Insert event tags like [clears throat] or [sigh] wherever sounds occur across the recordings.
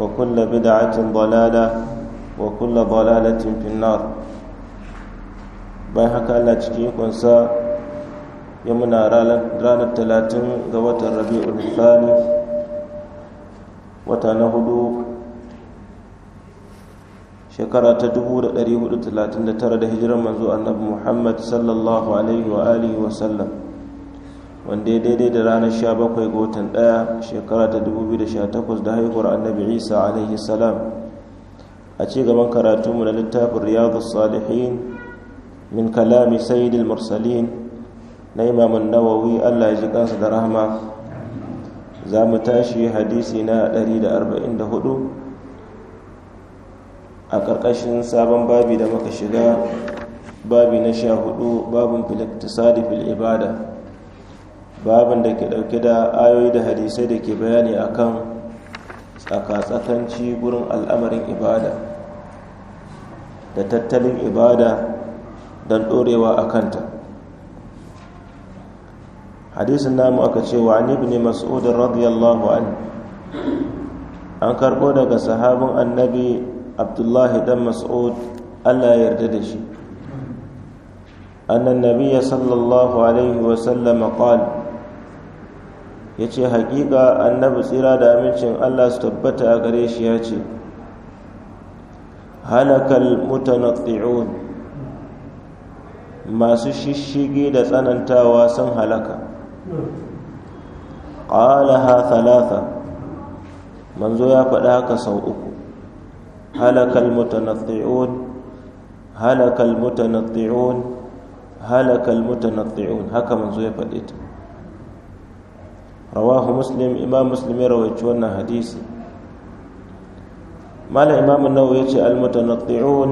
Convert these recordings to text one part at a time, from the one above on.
وكل بدعة ضلالة وكل ضلالة في النار bayan haka Allah cikin ikonsa ya muna ranar talatin ga watan rabi'ul thani wata na hudu shekara ta 1439 da hijirar Muhammad sallallahu alaihi wanda ya daidai da ranar 17 ga watan ɗaya, shekara ta 2018 da haihuwar annabi isa alaihi salam a ci gaban karatunmu na littafin riyadu salihin min kalami sayyidil mursalin na imamun nawawi allah ya ji kansa da rahama za mu tashi hadisi na 144 a ƙarƙashin sabon babi da muka shiga babi na 14 babin filiktisadi fil ibada babin da ke ɗauke da ayoyi da hadisai da ke bayani akan kan tsakanci gurin al'amarin ibada da tattalin ibada don ɗorewa a kanta hadisin namu aka ce wa ni mas'ud radiyallahu an an karɓo daga sahabin annabi abdullahi dan mas'ud allah ya yarda da shi annan النبي sallallahu alaihi عليه وسلم ya ce haƙiƙa annabi tsira da amincin allah su tabbata a gare shi ya ce halakal mutanatti'un masu shishigi da tsanantawa sun halaka ha thalatha manzo ya faɗa haka sau uku halakal mutanatti'un halakal mutanatti'un halakal mutanatti'un haka manzo ya faɗi ta rawahu muslim imam muslim ya rawaici wannan hadisi malam imam nawawi ya ce almutanatti'un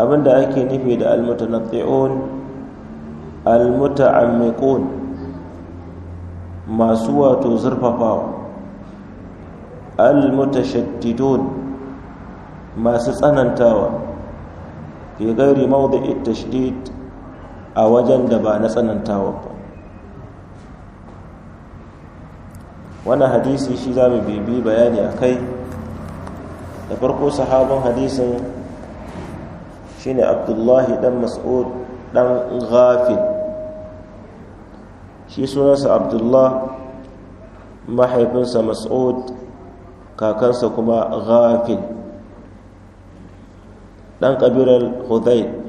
abinda ake nufi da almutanatti'un almuta'ammiqun masu wato zurfafawa almutashaddidun masu tsanantawa fi gairi mawdi'it tashdid a wajen da ba na tsanantawa ba wannan hadisi shi za mu bibi bayani a kai da farko sahabin hadisin ne abdullahi dan mas'ud dan ghafin. shi sunansa abdullah mahaifinsa mas'ud kakansa kuma ghafin. dan kabilar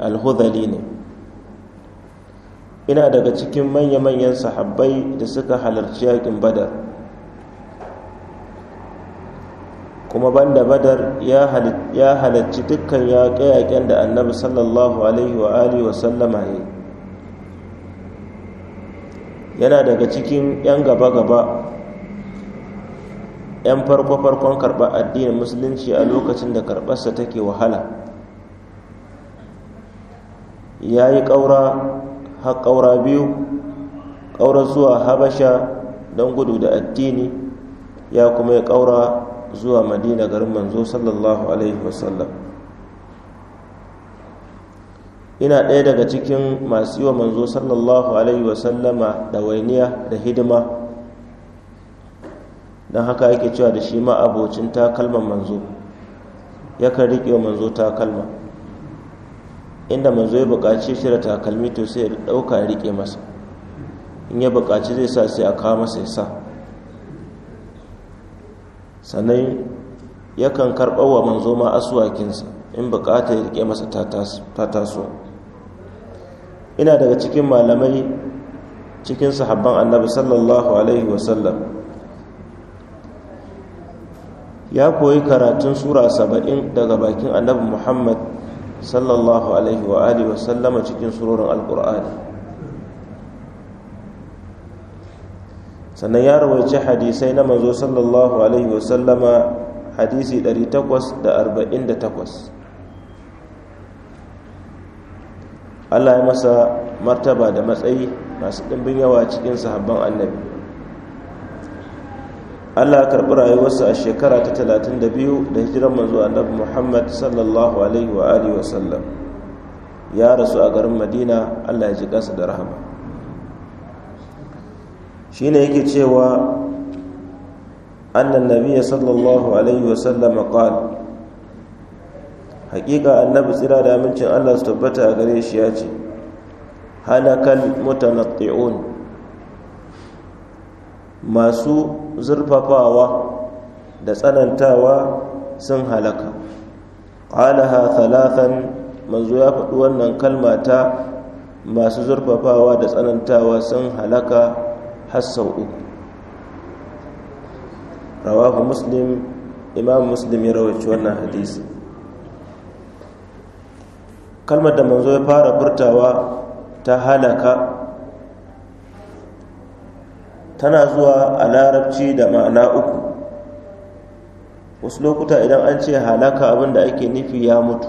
al-hudhali ne ina daga cikin manya-manyan sahabbai da suka halarci yakin badar kuma banda badar ya halarci dukkan yaƙe-yaƙen da annabi sallallahu alaihi wa alihi wasallama ne yana daga cikin 'yan gaba-gaba 'yan farko-farkon karɓar addinin musulunci a lokacin da karɓarsa take wahala ya yi ƙaura har ƙaura biyu ƙaura zuwa habasha don gudu da addini ya kuma yi ƙaura zuwa madina garin manzo sallallahu alaihi wasallam ina ɗaya daga cikin masu yi wa manzo sallallahu alaihi wasallama ɗawainiya da hidima don haka yake cewa da shi ma abocin takalman manzo yakan riƙe wa manzo takalma inda manzo ya buƙaci shi da takalmi to sai ya ɗauka ya riƙe masa in ya buƙaci zai sa sai a kawo masa ya sa sannan yakan karɓar wa manzo ma asuwakinsa in bukata ya rike masa ta taso ina daga cikin malamai cikin sahabban annabi sallallahu alaihi wasallam ya koyi karatun sura saba'in daga bakin annabi muhammad sallallahu alaihi wa alihi wasallama cikin surorin alkur'ani sannan ya rawaice hadisai na manzo sallallahu alaihi wasallama hadisi 848 Allah ya masa martaba da matsayi masu ɗimbin yawa cikin sahabban annabi Allah ya karɓi rayuwarsa a shekara ta 32 da hijiran manzo annabi Muhammad sallallahu alaihi wa alihi wasallam ya rasu a garin Madina Allah ya ji ƙasa da rahama shine yake cewa annan nabiyya sallallahu alaihi wasallama qala hakika annabi tsira da amincin Allah su tabbata a gare shi ya ce hanakal mutanatti'un masu zurfafawa da tsanantawa sun halaka qalaha thalathan manzo ya faɗi wannan kalma ta masu zurfafawa da tsanantawa sun halaka hassan uku rawahu muslim imam muslim ya rawace wannan hadisi kalmar da manzo ya fara furtawa ta halaka tana zuwa a larabci da ma'ana uku wasu lokuta idan an ce halaka abin da ake nufi ya mutu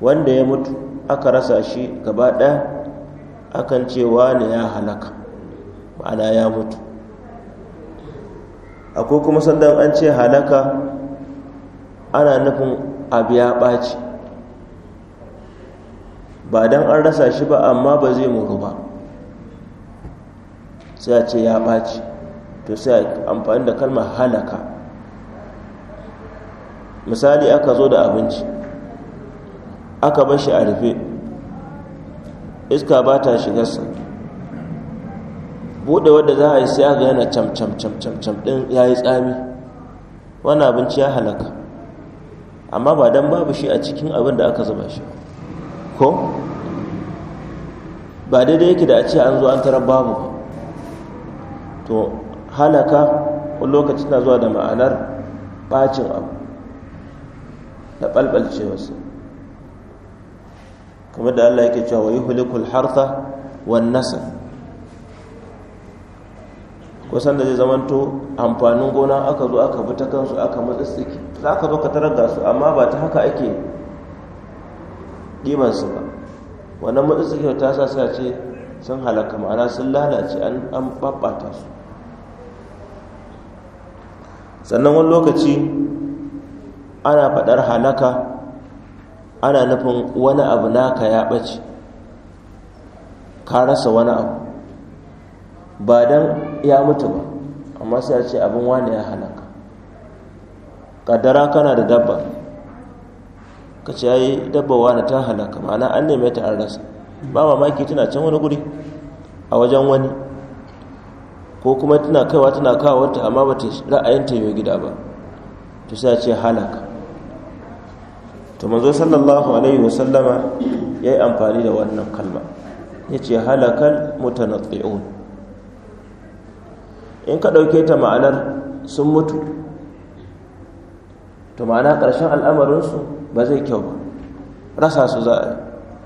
wanda ya mutu aka rasa shi gaba ɗaya akan ce ne ya halaka ma'ana ya mutu akwai kuma sandan an ce halaka ana nufin abu ya ɓaci ba don an rasa shi ba amma ba zai muru ba sai a ce ya ɓaci to sai amfani da kalmar halaka misali aka zo da abinci aka bashi a rufe iska ba ta shigarsa buɗe wadda za a yi sai ga yana cam cam cam cam cam ɗin ya yi tsami wani abinci ya halaka amma ba don babu shi a cikin abin da aka zuba shi ko ba daidai yake da a ce an zo an tarar babu ba to halaka wani lokaci na zuwa da ma'anar bacin abu da wasu. kamar da Allah yake cewa wa yuhlikul hartha wan nasl kusan da zai zamanto amfanin gona aka zo aka bi ta kansu aka matsitsiki za ka zo ka tarar su amma ba ta haka ake ɗibansu ba wannan matsitsiki ta sa sa ce sun halaka ma'ana sun lalace an babbata su sannan wani lokaci ana faɗar halaka ana nufin wani abu naka ya ɓace ka rasa wani abu ba don ya mutu ba amma sai ce abin wani ya halaka ƙaddara kana da dabba ka ce ya yi dabba wani ta halaka ma'ana an neme ta an rasa ba mamaki tana can wani guri a wajen wani ko kuma tana kaiwa tana kawo wata amma ba ta ra'ayin ta gida ba to sai a ce halaka to manzo sallallahu alaihi wasallama ya yi amfani da wannan kalma ya ce halakal mutanatsi'un in ka ɗauke ta ma'anar sun mutu to ma'ana ƙarshen al'amarinsu ba zai kyau ba rasa su za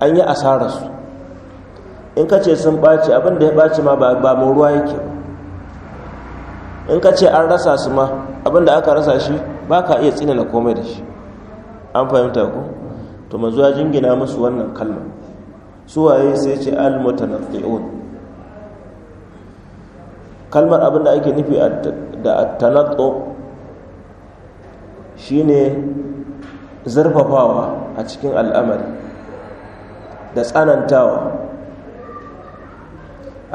a an yi asararsu in ka ce sun ɓaci abin da ya ɓaci ma ba mu ruwa yake ba in ka ce an rasa su ma abin da aka rasa shi ba ka iya tsinana komai da shi an fahimta ku to manzo ya jingina musu wannan kalma waye sai ce al mutanaffi'un kalmar abin da ake nufi da at-tanattu shine zurfafawa a cikin al'amari da tsanantawa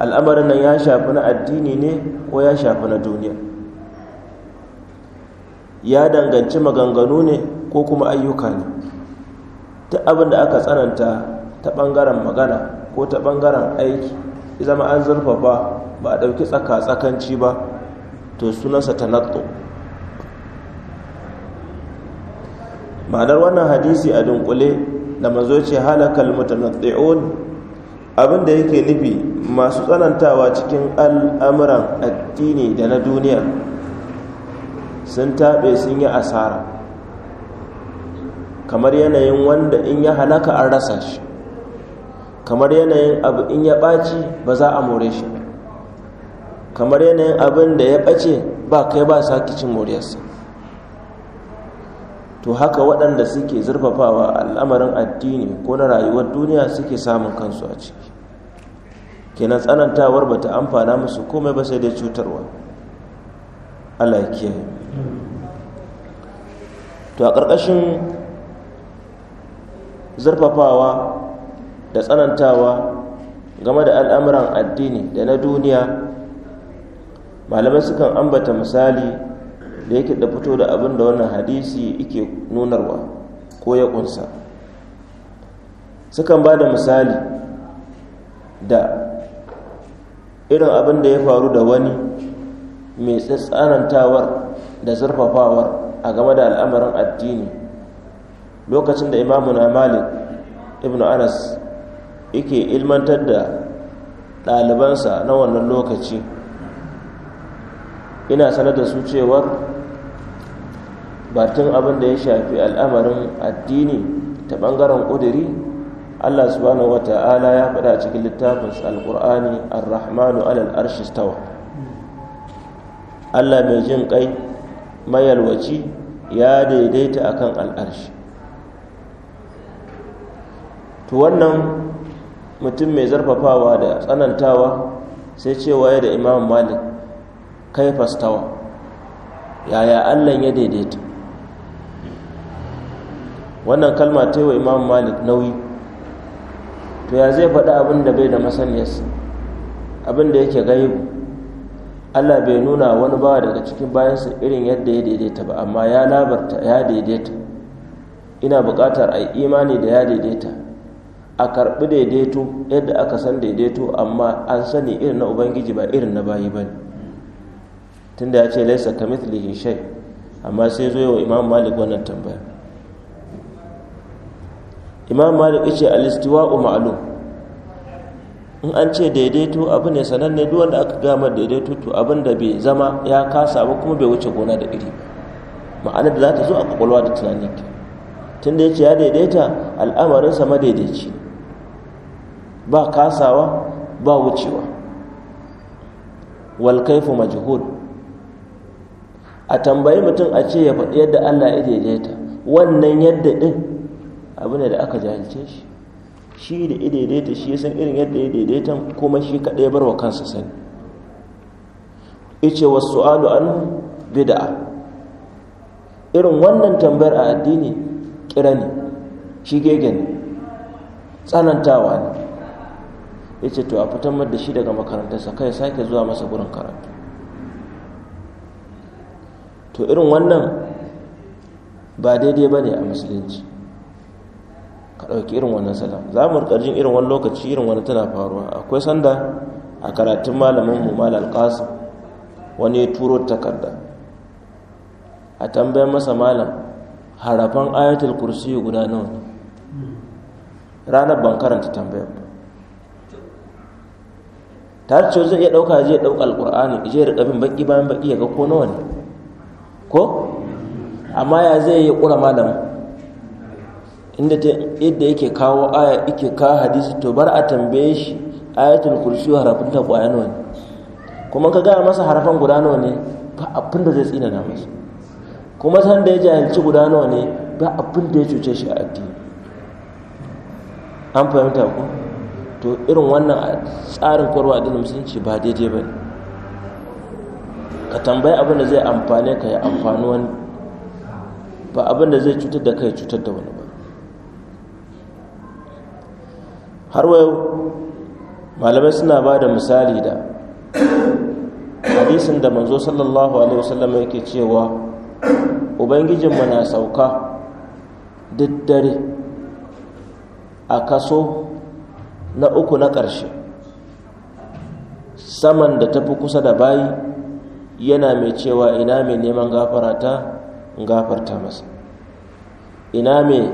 al'amarin nan ya shafi na addini ne ko ya shafi na duniya ya danganci maganganu ne ko kuma ayyuka ne ta abin da aka tsananta ta ɓangaren magana ko ta ɓangaren aiki zama an zurfa ba ba a ɗauki tsaka-tsakanci ba to sunansa ta natso. ma'anar wannan hadisi a dunkule da manzo ce halakal mutanatti'un abin da yake nufi masu tsanantawa cikin al'amuran addini da na duniya sun taɓe sun yi asara kamar yanayin wanda in ya halaka an rasa shi kamar yanayin abu in ya ɓaci ba za a more shi kamar yanayin abin da ya ɓace ba kai ba sa cin moriyarsa to haka waɗanda suke zurfafawa al'amarin addini ko na rayuwar duniya suke samun kansu a ciki kenan tsanantawar ba ta amfana musu komai ba sai dai cutarwa Allah to a ƙarƙashin zurfafawa da tsanantawa game da al'amuran addini da na duniya malamai sukan ambata misali da yake da fito da abin da wannan hadisi yake nunarwa ko ya kunsa sukan ba da misali da irin abin da ya faru da wani mai tsanantawar da zurfafawar a game da al'amuran addini lokacin da na malik ibn anas yake ilmantar da ɗalibansa na wannan lokaci ina sanar da su cewar batun abin da ya shafi al'amarin addini ta ɓangaren ƙudiri allah subhanahu wa ta'ala ya faɗa cikin littafinsa alƙur'ani ar-rahmanu alal arshi stawa allah mai jin ƙai mayalwaci ya daidaita akan al'arshi to wannan mutum mai zarfafawa da tsanantawa sai cewa ya da imam malik kai fastawa yaya allon ya daidaita wannan kalma ta yi wa imam malik nauyi to ya zai faɗi abin bai da masaniyarsa abin da yake gaibu allah bai nuna wani bawa daga cikin bayansa irin yadda ya daidaita ba amma ya labarta ya daidaita ina buƙatar a imani da ya daidaita a karɓi daidaito yadda aka san daidaito amma an sani irin na ubangiji ba irin na bayi ba tunda ya ce laisa kamithlihi shai amma sai zo yawa imam malik wannan tambaya imam malik ya ce alistiwa'u ma'lum in an ce daidaito abu ne sananne duk wanda aka gama daidaito to abin da bai zama ya kasa ba kuma bai wuce gona da iri ma'anar da za ta zo a kwakwalwa da tunani tunda ya ce ya daidaita al'amarinsa madaidaici ba kasawa ba wucewa wal kaifu a tambayi mutum a ce ya faɗi yadda Allah ya daidaita wannan yadda din abu ne da aka jahilce shi shi da ya daidaita shi ya san irin yadda ya daidaita kuma shi kaɗai bar wa kansa sani ice wasu alu an bid'a irin wannan tambayar a addini kira ne shi gege ne tsanantawa ne ya ce to a fitar da shi daga makarantarsa kai sake zuwa masa gurin karatu to irin wannan ba daidai ba ne a musulunci ka ɗauki irin wannan salam za mu jin irin wani lokaci irin wani tana faruwa akwai sanda a karatun malamin mu malal qasim wani ya turo takarda a tambayar masa malam harafan ayatul kursi guda nawa ranar ban karanta tambayar ta ce zai iya ɗauka zai ɗauka alkur'ani je rika bin baki bayan baki ya ga ko nawa ne ko amma ya zai yi ƙura malam inda ta yadda yake kawo aya yake ka hadisi to bar a tambaye shi ayatul kursi harafin ta ƙwaya nawa ne kuma ka gaya masa harafan guda nawa ne ba abin da zai tsina na masa kuma san da ya jahilci guda nawa ne ba abin da ya cuce shi a addini an fahimta ku to irin wannan tsarin korwa da musulunci ba daidai ba ka tambayi abin da zai amfane ka ya amfani wani ba abin da zai cutar da kai cutar da wani ba har wayo malamai suna ba da misali da hadisin da manzo sallallahu alaihi wasallam yake cewa ubangijinmu na sauka duk dare a kaso na uku na ƙarshe saman da tafi kusa da bayi yana mai cewa ina mai neman gafarata in gafarta masa ina mai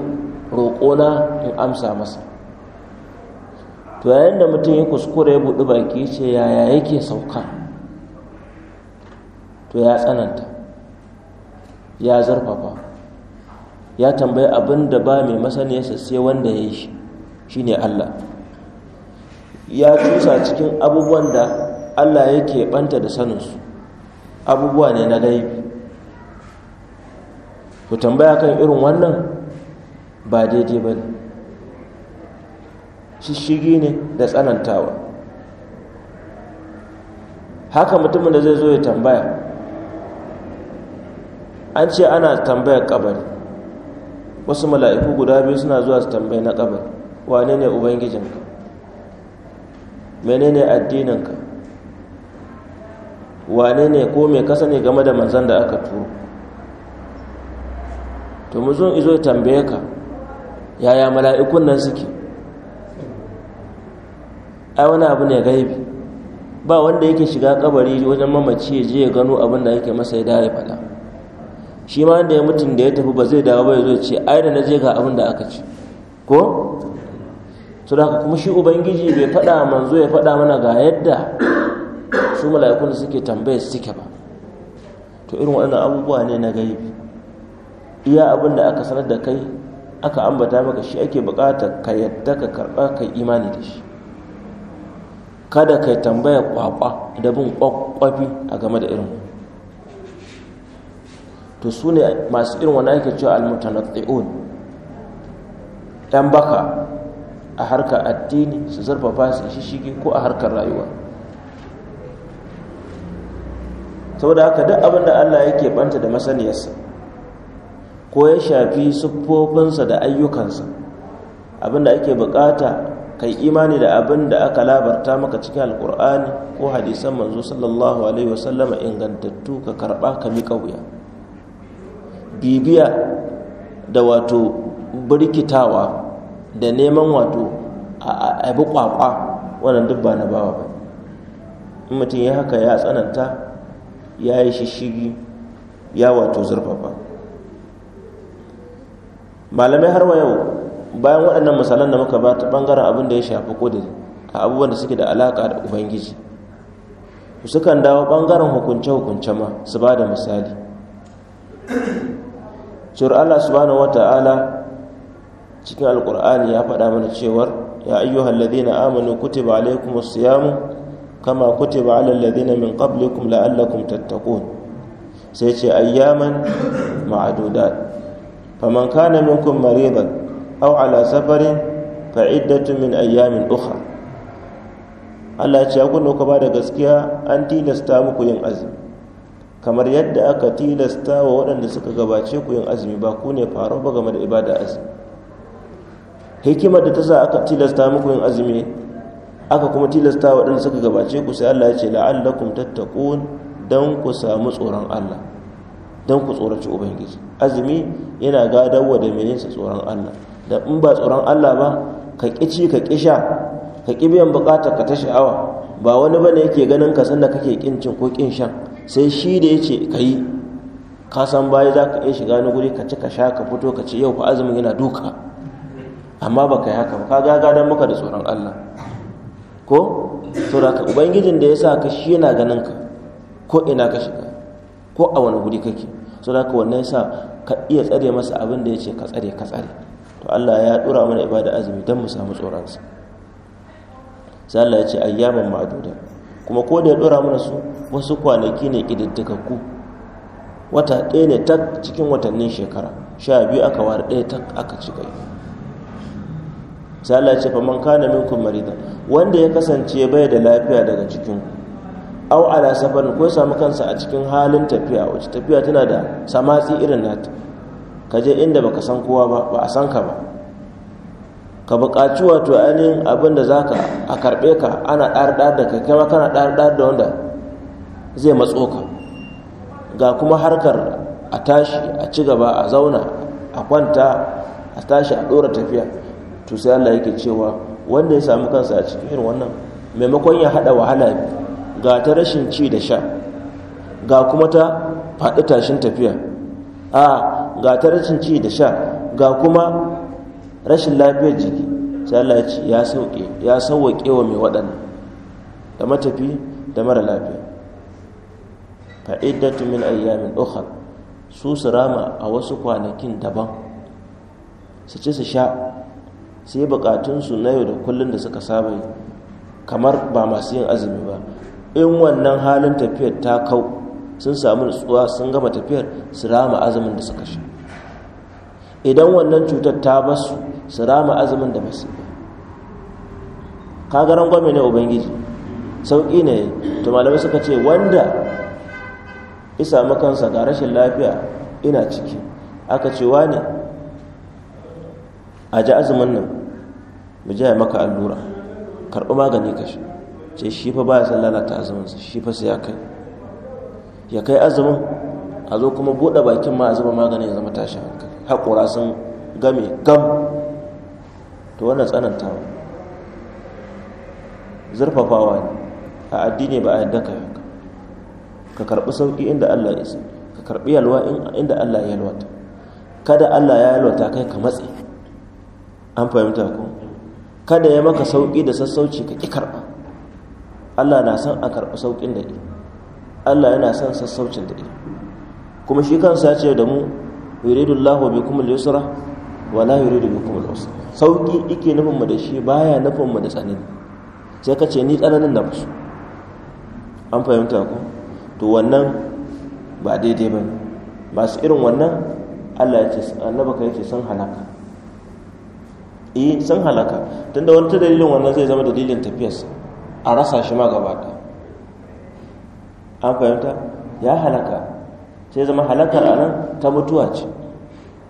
roƙona in amsa masa to yayin da mutum ya kuskure ya buɗi baki ce yaya yake sauka to ya tsananta ya zarfafa ya tambayi abin da ba mai masaniyarsa sai wanda ya yi shi shi ne Allah ya cusa cikin abubuwan da Allah yake banta da saninsu abubuwa ne na laifi ku tambaya kan irin wannan ba daidai ba ne shishigi ne da tsanantawa haka mutumin da zai zo ya tambaya an ce ana tambayar kabari wasu mala'iku guda biyu suna zuwa su tambayi na kabari wane ne ubangijinka menene addininka wane ne ko mai kasa ne game da manzan da aka turo to mu zun izo tambaye ka yaya mala'ikun nan suke ai wani abu ne gaibi ba wanda yake shiga kabari wajen mamaci ya je ya gano abin da yake masa ya dare fada shi ma da ya mutum da ya tafi ba zai dawo ba ya zo ce ai da na je ga abin da aka ci ko su da kuma shi ubangiji bai faɗa manzo ya faɗa mana ga yadda su mala'ikun suke tambayar suke ba to irin waɗannan abubuwa ne na gaibi iya abin da aka sanar da kai aka ambata maka shi ake bukatar ka yadda ka karɓa ka imani da shi kada ka tambaya kwakwa da bin kwakwafi a game da irin to su ne masu irin wani ake cewa almutanatti'un yan baka a harkar addini su zarfafa su shige ko a harkar rayuwa saboda haka duk abin da Allah yake banta da masaniyarsa ko ya shafi siffofinsa da ayyukansa abin da ake bukata kai imani da abin da aka labarta maka cikin alkur'ani ko hadisan manzo sallallahu alaihi wasallama ingantattu ka karba ka mika wuya bibiya da wato birkitawa da neman wato a abu kwakwa wannan duk ba na bawa ba in mutum ya haka ya tsananta ya yi shishigi ya wato zurfafa malamai har wa yau bayan waɗannan misalan da muka ba ta ɓangaren abin da ya shafi ƙudiri a abubuwan da suke da alaƙa da ubangiji sukan dawo ɓangaren hukunce-hukunce ma su ba da misali Suri Allah subhanahu cikin alkur'ani ya faɗa mana cewar ya ayyuhal ladina amanu kutiba alaikumus siyamu kama kutiba alal ladina min qablikum la'allakum tattaqun sai ce ayyaman ma'dudat faman kana minkum maridan aw ala safarin fa iddatu min ayyamin ukhra Allah ya ce ku ne ba da gaskiya an tilasta muku yin azumi kamar yadda aka tilasta wa waɗanda suka gabace ku yin azumi ba ku ne faro ba game da ibada azumi hikimar da ta sa aka tilasta muku yin azumi aka kuma tilasta waɗanda suka gabace ku sai Allah ya ce la'allakum tattaqun dan ku samu tsoron Allah dan ku tsoraci ubangiji azumi yana gadawa da menensa tsoron Allah da in ba tsoron Allah ba ka kici ka kisha ka ki biyan bukatar ka ta sha'awa ba wani bane yake ganin ka sanda kake kin cin ko kin shan sai shi da yace kai ka san baya za ka iya shiga ni guri ka ci ka sha ka fito ka ce yau fa azumin yana duka amma ba ka yi haka ba ka don muka da tsoron Allah ko to da ka ubangijin da ya sa ka shi yana ganin ka ko ina ka shiga ko a wani guri kake so da ka wannan sa ka iya tsare masa abin da ya ce ka tsare ka tsare to Allah ya dora mana ibada azumi don mu samu tsoronsa sai Allah ya ce ayyaman ma'duda kuma ko da ya ɗura mana su wasu kwanaki ne kididdikakku wata ɗaya ne ta cikin watannin shekara sha biyu aka ware ɗaya ta aka ci sai ce fa man kana minkum marida wanda ya kasance bai da lafiya daga cikin au ala safarin ko samu kansa a cikin halin tafiya wacce tafiya tana da samatsi irin nata ka je inda baka san kowa ba ba a san ka ba ka buƙaci wato ainihin abin da za ka a karɓe ka ana ɗarɗar da kai kama kana ɗarɗar da wanda zai matso ka ga kuma harkar a tashi a ci gaba a zauna a kwanta a tashi a ɗora tafiya to sai Allah yake cewa wanda ya samu kansa a cikin irin wannan maimakon ya hada wahala ga ta rashin ci da sha ga kuma ta faɗi tashin tafiya a ga ta rashin ci da sha ga kuma rashin lafiyar jiki sai Allah ya sauke ya sauke wa mai waɗannan da matafi da mara lafiya fa iddatu min ayyamin ukhra su su rama a wasu kwanakin daban su ci su sha sai bukatunsu na yau da kullum da suka saba yi kamar ba masu yin azumi ba in wannan halin tafiyar ta kau sun samu nutsuwa sun gama tafiyar su rama azumin da suka sha idan wannan cutar ta basu su rama azumin da basu ba kagaran gwame ne ubangiji sauƙi ne to malamai suka ce wanda isa makansa ga rashin lafiya ina ciki aka ce ne a ji azumin nan mu jaya maka allura karɓi magani ka shi ce shi fa ba ya san lalata su shi fa sai ya kai ya kai azumin a zo kuma buɗe bakin ma a zuba maganin ya zama tashin hankali haƙura sun game gam to wannan tsanantawa zurfafawa ne a addini ba a yadda ka haka ka karɓi sauƙi inda Allah ya sauƙi ka karɓi yalwa inda Allah ya yalwata kada Allah ya yalwata kai ka matse an fahimta ko kada ya maka sauƙi da sassauci ka ƙi karɓa Allah na son a karɓi sauƙin da Allah yana son sassaucin da kuma shi kan ya ce da mu yuridullahu bi al-yusra wa la yuridu bi al-usra sauki ike nufin mu da shi baya nufin mu da tsanani sai ka ce ni tsananin na musu an fahimta ku to wannan ba daidai ba masu irin wannan Allah ya ce annaba kai ce san halaka eh sun halaka tunda wani ta dalilin wannan zai zama dalilin tafiyarsa a rasa shi ma gaba ɗaya an fahimta ya halaka sai zama halakar a nan ta mutuwa ce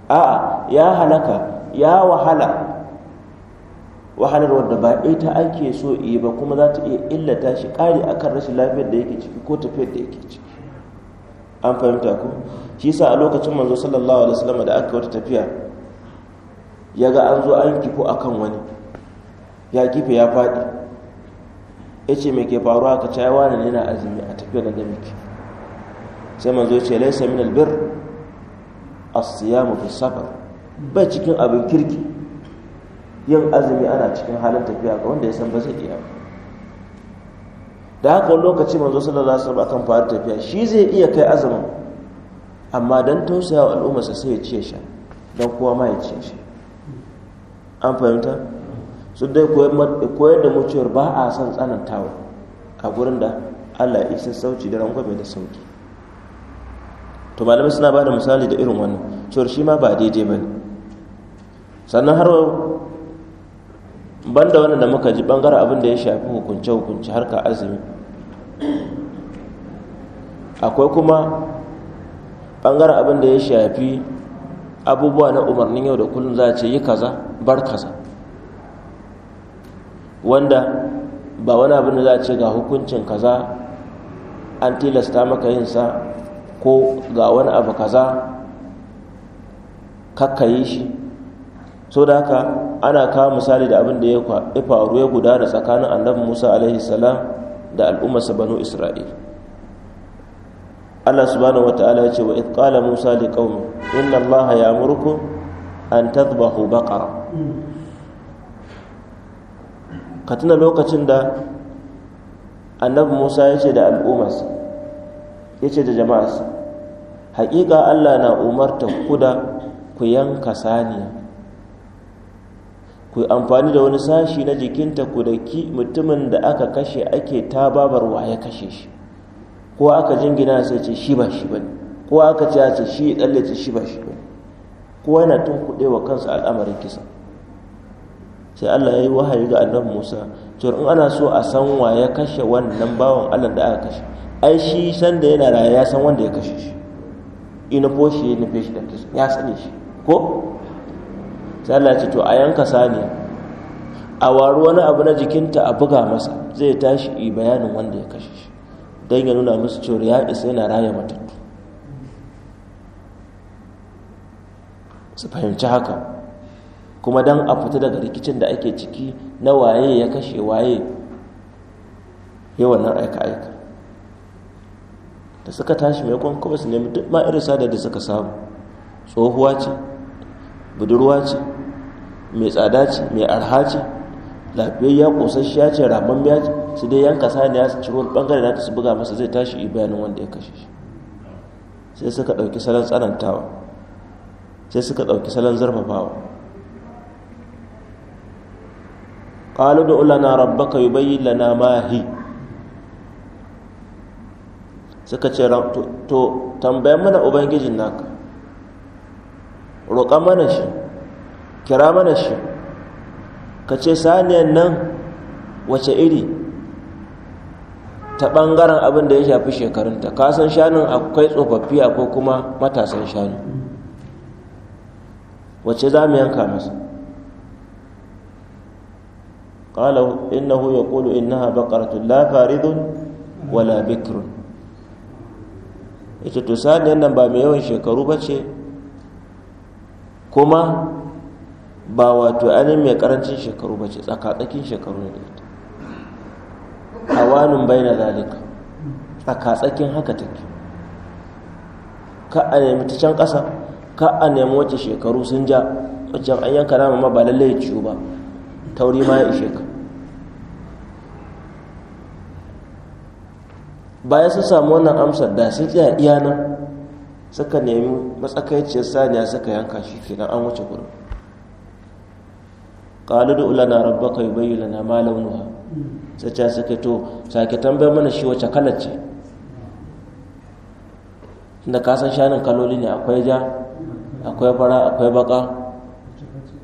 a'a ya halaka ya wahala wahalar wadda ba ita ake so yi ba kuma za ta iya illata shi ƙari kan rashin lafiyar da yake ciki ko tafiyar da yake ciki an fahimta ko shi sa a lokacin manzo sallallahu alaihi wasallam da aka wata tafiya ya ga an zo an kifo a kan wani ya kife ya faɗi ya ce mai ke faruwa ka cewa wani ne na azumi a tafiya na gami sai manzo ce laisa min albir a siya fi safar bai cikin abin kirki yin azumi ana cikin halin tafiya ga wanda ya san ba zai iya ba. da haka wani lokaci manzo sallallahu alaihi wasallam akan fara tafiya shi zai iya kai azumin amma dan tausaya wa al'ummarsa sai ya ciye shi dan kowa ma ya ciye shi an fahimta su dai koyar da mutuwar cewar ba a son tsanantawa a gurin da allah ya isa sauci da rangwame da sauki to malamai suna ba da misali da irin wannan cewar shi ma ba daidai ba ne sannan har ban da wannan da muka ji bangaren abin da ya shafi hukunce hukunce harka azumi akwai kuma bangaren abin da ya shafi abubuwa na umarnin yau da kullum za a ce yi kaza bar kaza wanda ba wani abin da za a ce ga hukuncin kaza an tilasta maka yinsa ko ga wani abu kaza yi shi so da haka ana kawo misali da abin da ya faru ya gudana tsakanin annabi musa alaihi salam da al'ummarsa banu isra'ila Allah subhanahu wataala ya ce wa idh qala Musa liqaumi inna Allah murku an tadhbahu baqara ka tuna lokacin da annabi Musa ya ce da al'ummas ya ce da jama'arsa haƙiƙa Allah na umarta ku da ku yanka saniya ku amfani da wani sashi na jikinta ku da ki mutumin da aka kashe ake ta babarwa ya kashe shi kowa aka jingina sai ce shi ba shi bane kowa aka ce a ce shi ya tsallace shi ba shi bane kowa yana tun kuɗe wa kansa al'amarin kisa sai Allah ya yi wahayi ga annan Musa cewar in ana so a san wa ya kashe wannan bawan Allah da aka kashe ai shi san da yana raye ya san wanda ya kashe shi ina foshi ya nufe shi da kisa ya sani shi ko sai Allah ya ce to a yanka saniya a waru wani abu na jikinta a buga masa zai tashi bayanin wanda ya kashe don ya nuna musu cewa ya isa yana raya matattu su fahimci haka kuma don a fita daga rikicin da ake ciki na waye ya kashe waye ya wannan aika-aika da suka tashi mai kawai su nemi duk ma sadar da suka samu tsohuwa ce budurwa ce mai tsada ce mai arha ce lafiyayya ya ce ramammiya ce su dai yanka saniya su ciro bangare na ta su buga masa zai tashi yi bayanin wanda ya kashe shi sai suka ɗauki salon tsanantawa sai suka ɗauki salon zarfafawa qalu da ulana rabbaka yubayyin lana ma hi suka ce to tambayan mana ubangijin naka roƙa mana shi kira mana shi ka ce saniyan nan wace iri ta ɓangaren abin da ya shafi shekarunta kasan shanun akwai tsofaffi akwai kuma matasan shanu wace za mu yanka masa ƙala innahu ya ƙulu innaha baƙaratun la faridun wala bikrun ita to nan ba mai yawan shekaru ba ce kuma ba wato ainihin mai ƙarancin shekaru ba ce tsakatsakin shekaru ne sawanin bai na zalika tsaka tsakin haka take ka a nemi ta can ƙasa ka a nemi wacce shekaru sun ja wacce an yanka nama ma ba lallai ya ciwo ba tauri ma ya ishe ka bayan sun samu wannan amsar da sun tsaya iya nan suka nemi matsakaiciyar saniya suka yanka shi ke an wuce gurin qalu na Rabba ka yi bayyana ma launuwa sai ta suke to sake tambayar mana shi wacce kalar ce Inda ka san shanin kaloli ne akwai ja akwai fara akwai baka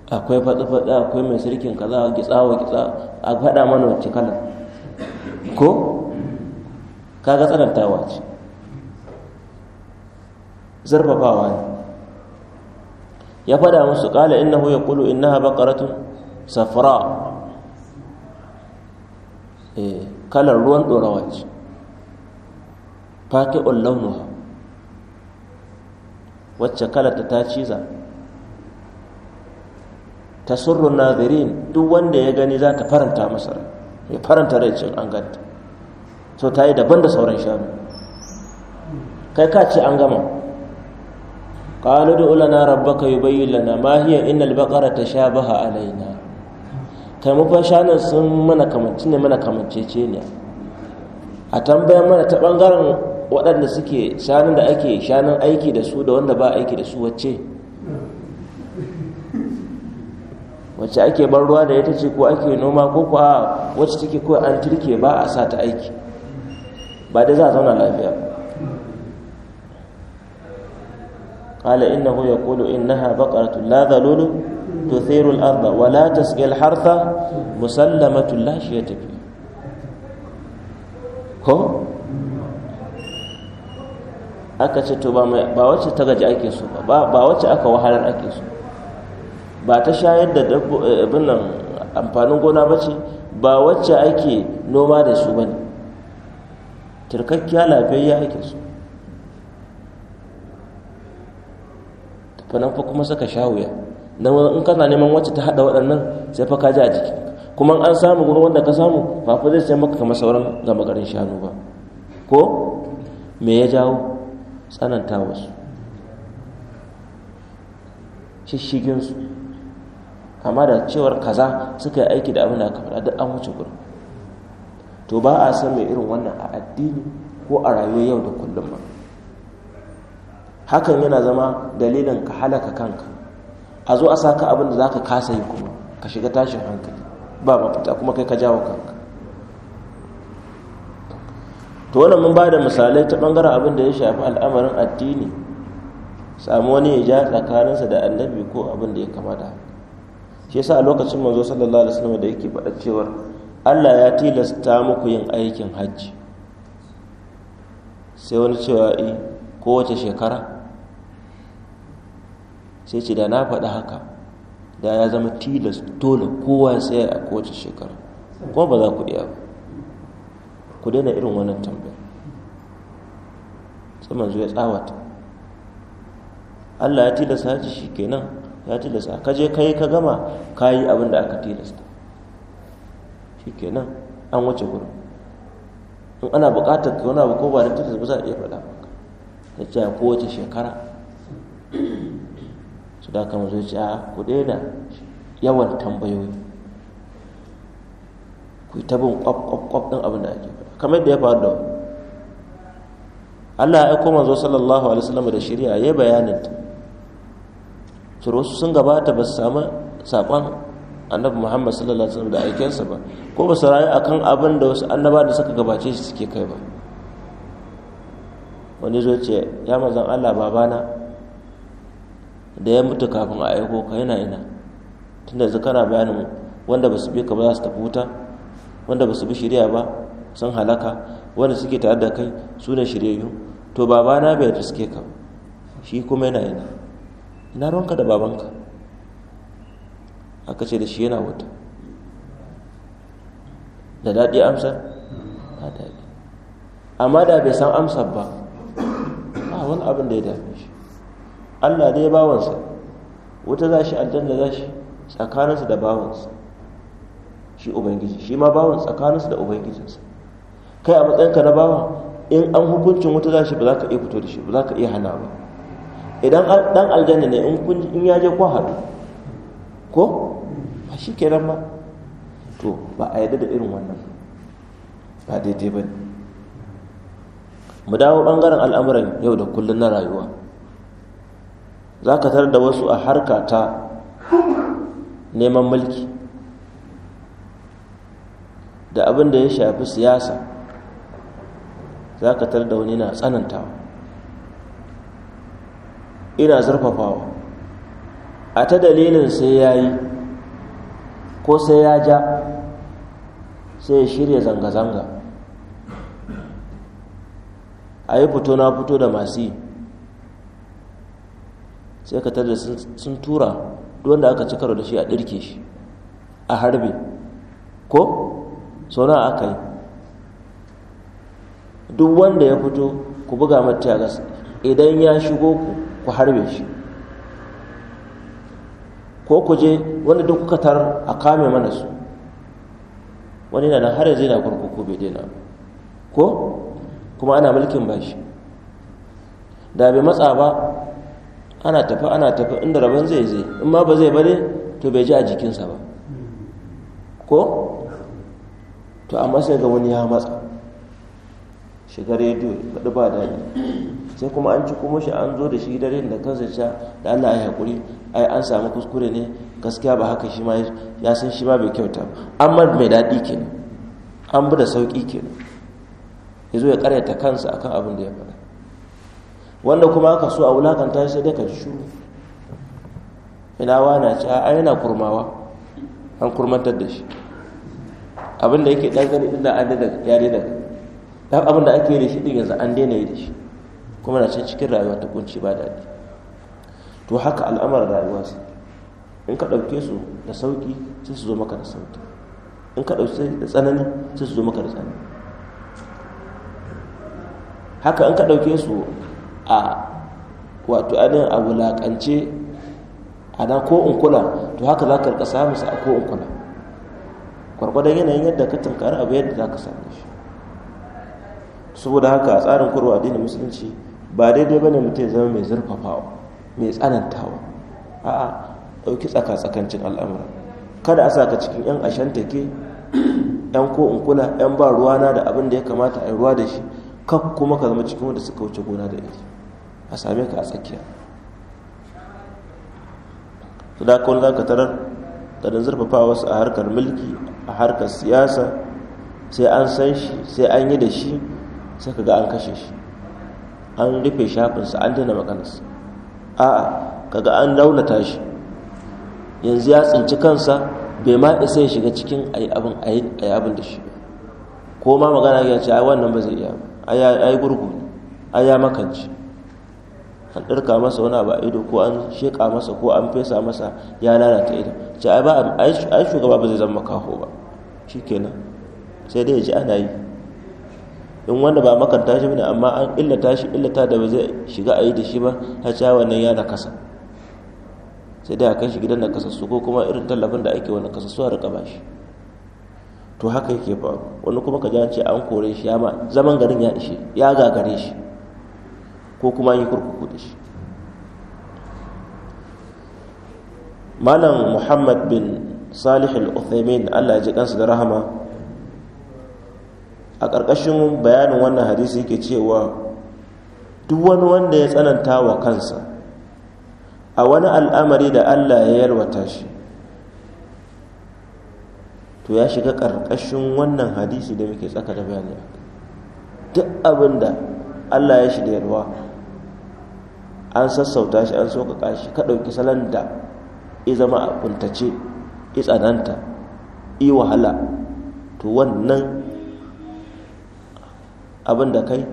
akwai fatsa-fatsa akwai mai sirkin kaza gitsa wa gitsa a faɗa mana wacce kalar ko kaga tsanantawa ce zarfafawa ne ya faɗa musu kala innahu ya kulu innaha baqaratun safra Eh, kalar ruwan ɗorawa ce on launuwa wacce kalarta ta ciza ta surrun nazirin duk wanda ya gani za ta faranta masa ya faranta rai cin an ganta so ta yi daban da sauran shanu kai ka ce an gama da ulana rabba ka yi bayyana mahiyar inal bakara ta sha baha alaina taimakon shanun sun mana kamanci ne mana ce ne a tambayan mana ta bangaren waɗanda suke shanun da ake shanun aiki da su da wanda ba aiki da su wacce wacce ake ban ruwa da ita ce ko ake noma ko kuwa wacce take ko an turke ba a sa ta aiki ba da za a zauna lafiya قال إنه يقول إنها بقرة لا ذلول تثير الأرض ولا wa la مسلمة لا شيء musallamatu هو ya ko aka ce to ba wacce ta gaji ake so ba ba wacce aka wahalar ake so ba ta shayar da abin nan amfanin gona ba ce ba wacce ake noma da su ba ne turkakkiya lafiyayya ake so tafanan fa kuma suka sha wuya don in kana neman wacce ta hada waɗannan sai fa ka ji a jiki kuma an samu gurin wanda ka samu ba fa zai sai maka kamar sauran gama garin shanu ba ko me ya jawo tsananta wasu su amma da cewar kaza suka yi aiki da abin da aka faɗa duk an wuce gurin to ba a san mai irin wannan a addini ko a rayuwar yau da kullum ba hakan yana zama dalilin ka halaka kanka a zo a saka abin da ka kasa yi kuma ka shiga tashin hankali ba mafita kuma kai ka jawo kanka to wannan mun ba da misalai ta bangaren abin da ya shafi al'amarin addini samu wani ya ja tsakaninsa da annabi ko abin da ya kama da shi yasa a lokacin manzo sallallahu alaihi wasallam da yake faɗa cewar Allah ya tilasta muku yin aikin hajji sai wani cewa ko eh, kowace shekara sai ce da na faɗi haka da ya zama tilas dole kowa sai a kowace shekara kuma ba za ku iya ba ku daina irin wannan tambayar sai manzo ya tsawata Allah ya tilasta haji shi kenan ya tilasta ka je kai ka gama ka yi abin da aka tilasta shi kenan an wace gurin in ana buƙatar ka wani abu ko ba da tilasta ba za a iya faɗa maka ce a kowace shekara da aka mazo ya ce a ku daina yawan tambayoyi ku yi tabin kwakwakwak din abin da ake faɗa kamar da ya faru da Allah ya aiko manzo sallallahu alaihi wasallam da shari'a ya bayanin ta sur wasu sun gabata ba su samu saƙon annabi Muhammad sallallahu alaihi wasallam da aikensa ba ko ba su rayu akan abin da wasu annaba da suka gabace shi suke kai ba wani zo ce ya mazan Allah babana da ya mutu kafin a aiko ka yana ina tunda da kana bayanin wanda ba su bi ka ba za su tafi wuta wanda ba su bi shirya ba sun halaka wanda suke tare da kai su ne shiryayyu to babana bai riske ka shi kuma yana ina ina ruwanka da babanka aka ce da shi yana wuta da daɗi amsa amma da bai san amsa ba ba wani abin da ya dafi Allah dai bawansa wuta za shi aljanna za shi tsakaninsa da bawansa shi ubangiji shi ma bawan tsakaninsa da ubangijinsa kai a matsayinka na bawa in an hukuncin wuta za shi ba za ka iya fito da shi ba za ka iya hana ba idan dan aljanna ne in ya je kwa haɗu ko ba shi kenan ba to ba a yadda da irin wannan ba daidai ba ne mu dawo ɓangaren al'amuran yau da kullum na rayuwa za ka tar da wasu a harka ta neman mulki da abin da ya shafi siyasa za ka tar da wani na tsanantawa ina zurfafawa a ta dalilin sai ya yi ko sai ya ja sai ya shirya zanga-zanga a yi fito na fito da masu yi sai ka tarda sun tura wanda aka ci karo da shi a ɗirke shi a harbe ko sona aka yi duk wanda ya fito ku buga mata gasa idan ya shigo ku ku harbe shi ko ku je wanda duk kuka tar a kame mana su wani na har yanzu yana kurkuku bai daina ko kuma ana mulkin bashi da bai matsa ba ana tafi ana tafi inda rabon zai zai in ma ba zai bane to bai ji a jikinsa ba ko to amma sai ga wani ya matsa shiga rediyo faɗi ba daɗi sai kuma an ci kuma shi an zo da shi dare da kansa sha da Allah ya haƙuri ai an samu kuskure ne gaskiya ba haka shi ma ya san shi ma bai kyauta amma mai daɗi kenan an bi da sauƙi kenan ya zo ya ta kansa akan abin da ya faɗa wanda kuma aka so a wulakanta shi sai ka ji shuru ina wana ci a yana kurmawa an kurmantar da shi abin da yake dangane inda an da yare da ɗan abin da ake yi da shi ɗin yanzu an daina yi da shi kuma na can cikin rayuwa ta kunci ba daɗi to haka al'amarin rayuwa su in ka ɗauke su da sauƙi sai su zo maka da sauƙi in ka ɗauke da tsanani sai su zo maka da tsanani haka in ka ɗauke su a wato ainihin a wulaƙance a na ko to haka za ka rika samun sa a ko kula yanayin yadda ka tunkari abu yadda za ka samu shi saboda haka a tsarin kurwa addinin musulunci ba daidai ba ne mutum zama mai zurfafawa mai tsanantawa a'a ɗauki tsaka-tsakancin al'amura kada a sa ka cikin 'yan ashen take [clears throat] 'yan ko 'yan ba ruwana da abin da ya kamata a yi ruwa da shi kuma ka zama cikin wanda suka wuce gona da ita a same ka a tsakiya su da kawai za ka tarar da da zurfafa wasu a harkar mulki a harkar siyasa sai an san shi sai an yi da shi sai ka ga an kashe shi an rufe shafinsa an daina a a'a kaga an launata shi yanzu ya tsinci kansa bai ma isa ya shiga cikin ayi abin abin da shi ko ma magana ya ce ai wannan ba zai iya a ai gurgu ai ya makanci an ɗarka masa wani abu a ido ko an sheƙa masa ko an fesa masa ya lalata ido ce ai ba yi shugaba ba zai zama kaho ba shikenan sai dai ya ji ana yi in wanda ba makanta shi ne amma an illata shi illata da ba zai shiga a yi da shi ba ta ci wannan ya kasa sai dai a kan shi gidan na su ko kuma irin tallafin da ake wani nakasassu a riƙa shi to haka yake faru wani kuma ka ji an ce an kore shi ya ma zaman garin ya ishe ya gagare shi ko kuma yi kurkuku da shi malam muhammad bin salih al-uthaymin allah ji kansu da rahama a ƙarƙashin bayanin wannan hadisi yake cewa duk wani wanda ya tsananta wa kansa a wani al'amari da allah ya yarwata shi to ya shiga ƙarƙashin wannan hadisi da muke tsaka da bayani duk abinda da allah ya shi da yarwa an sassauta shi an sauƙaƙa shi ka ɗauki salon da ya zama a kuntace i tsananta yi wahala to wannan abin da kai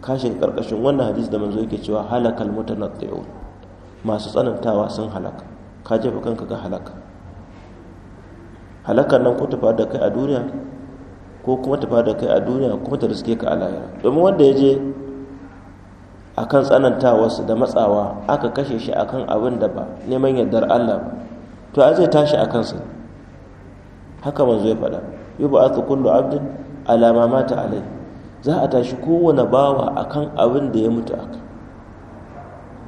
ka shiga ƙarƙashin wannan hadis da manzo yake cewa halakal mutanatti'un masu tsanantawa sun halaka ka jefa kanka ga halaka halakar nan ko tafa da kai a duniya ko kuma tafa da kai a duniya kuma ta riske ka a lahira domin wanda ya je akan tsanantawarsa da matsawa aka kashe shi akan abin da ba neman yardar Allah ba to a zai tashi a kansa haka manzo ya faɗa yi ba aka kullu abdin alama mata alai za a tashi kowane bawa akan abin da ya mutu aka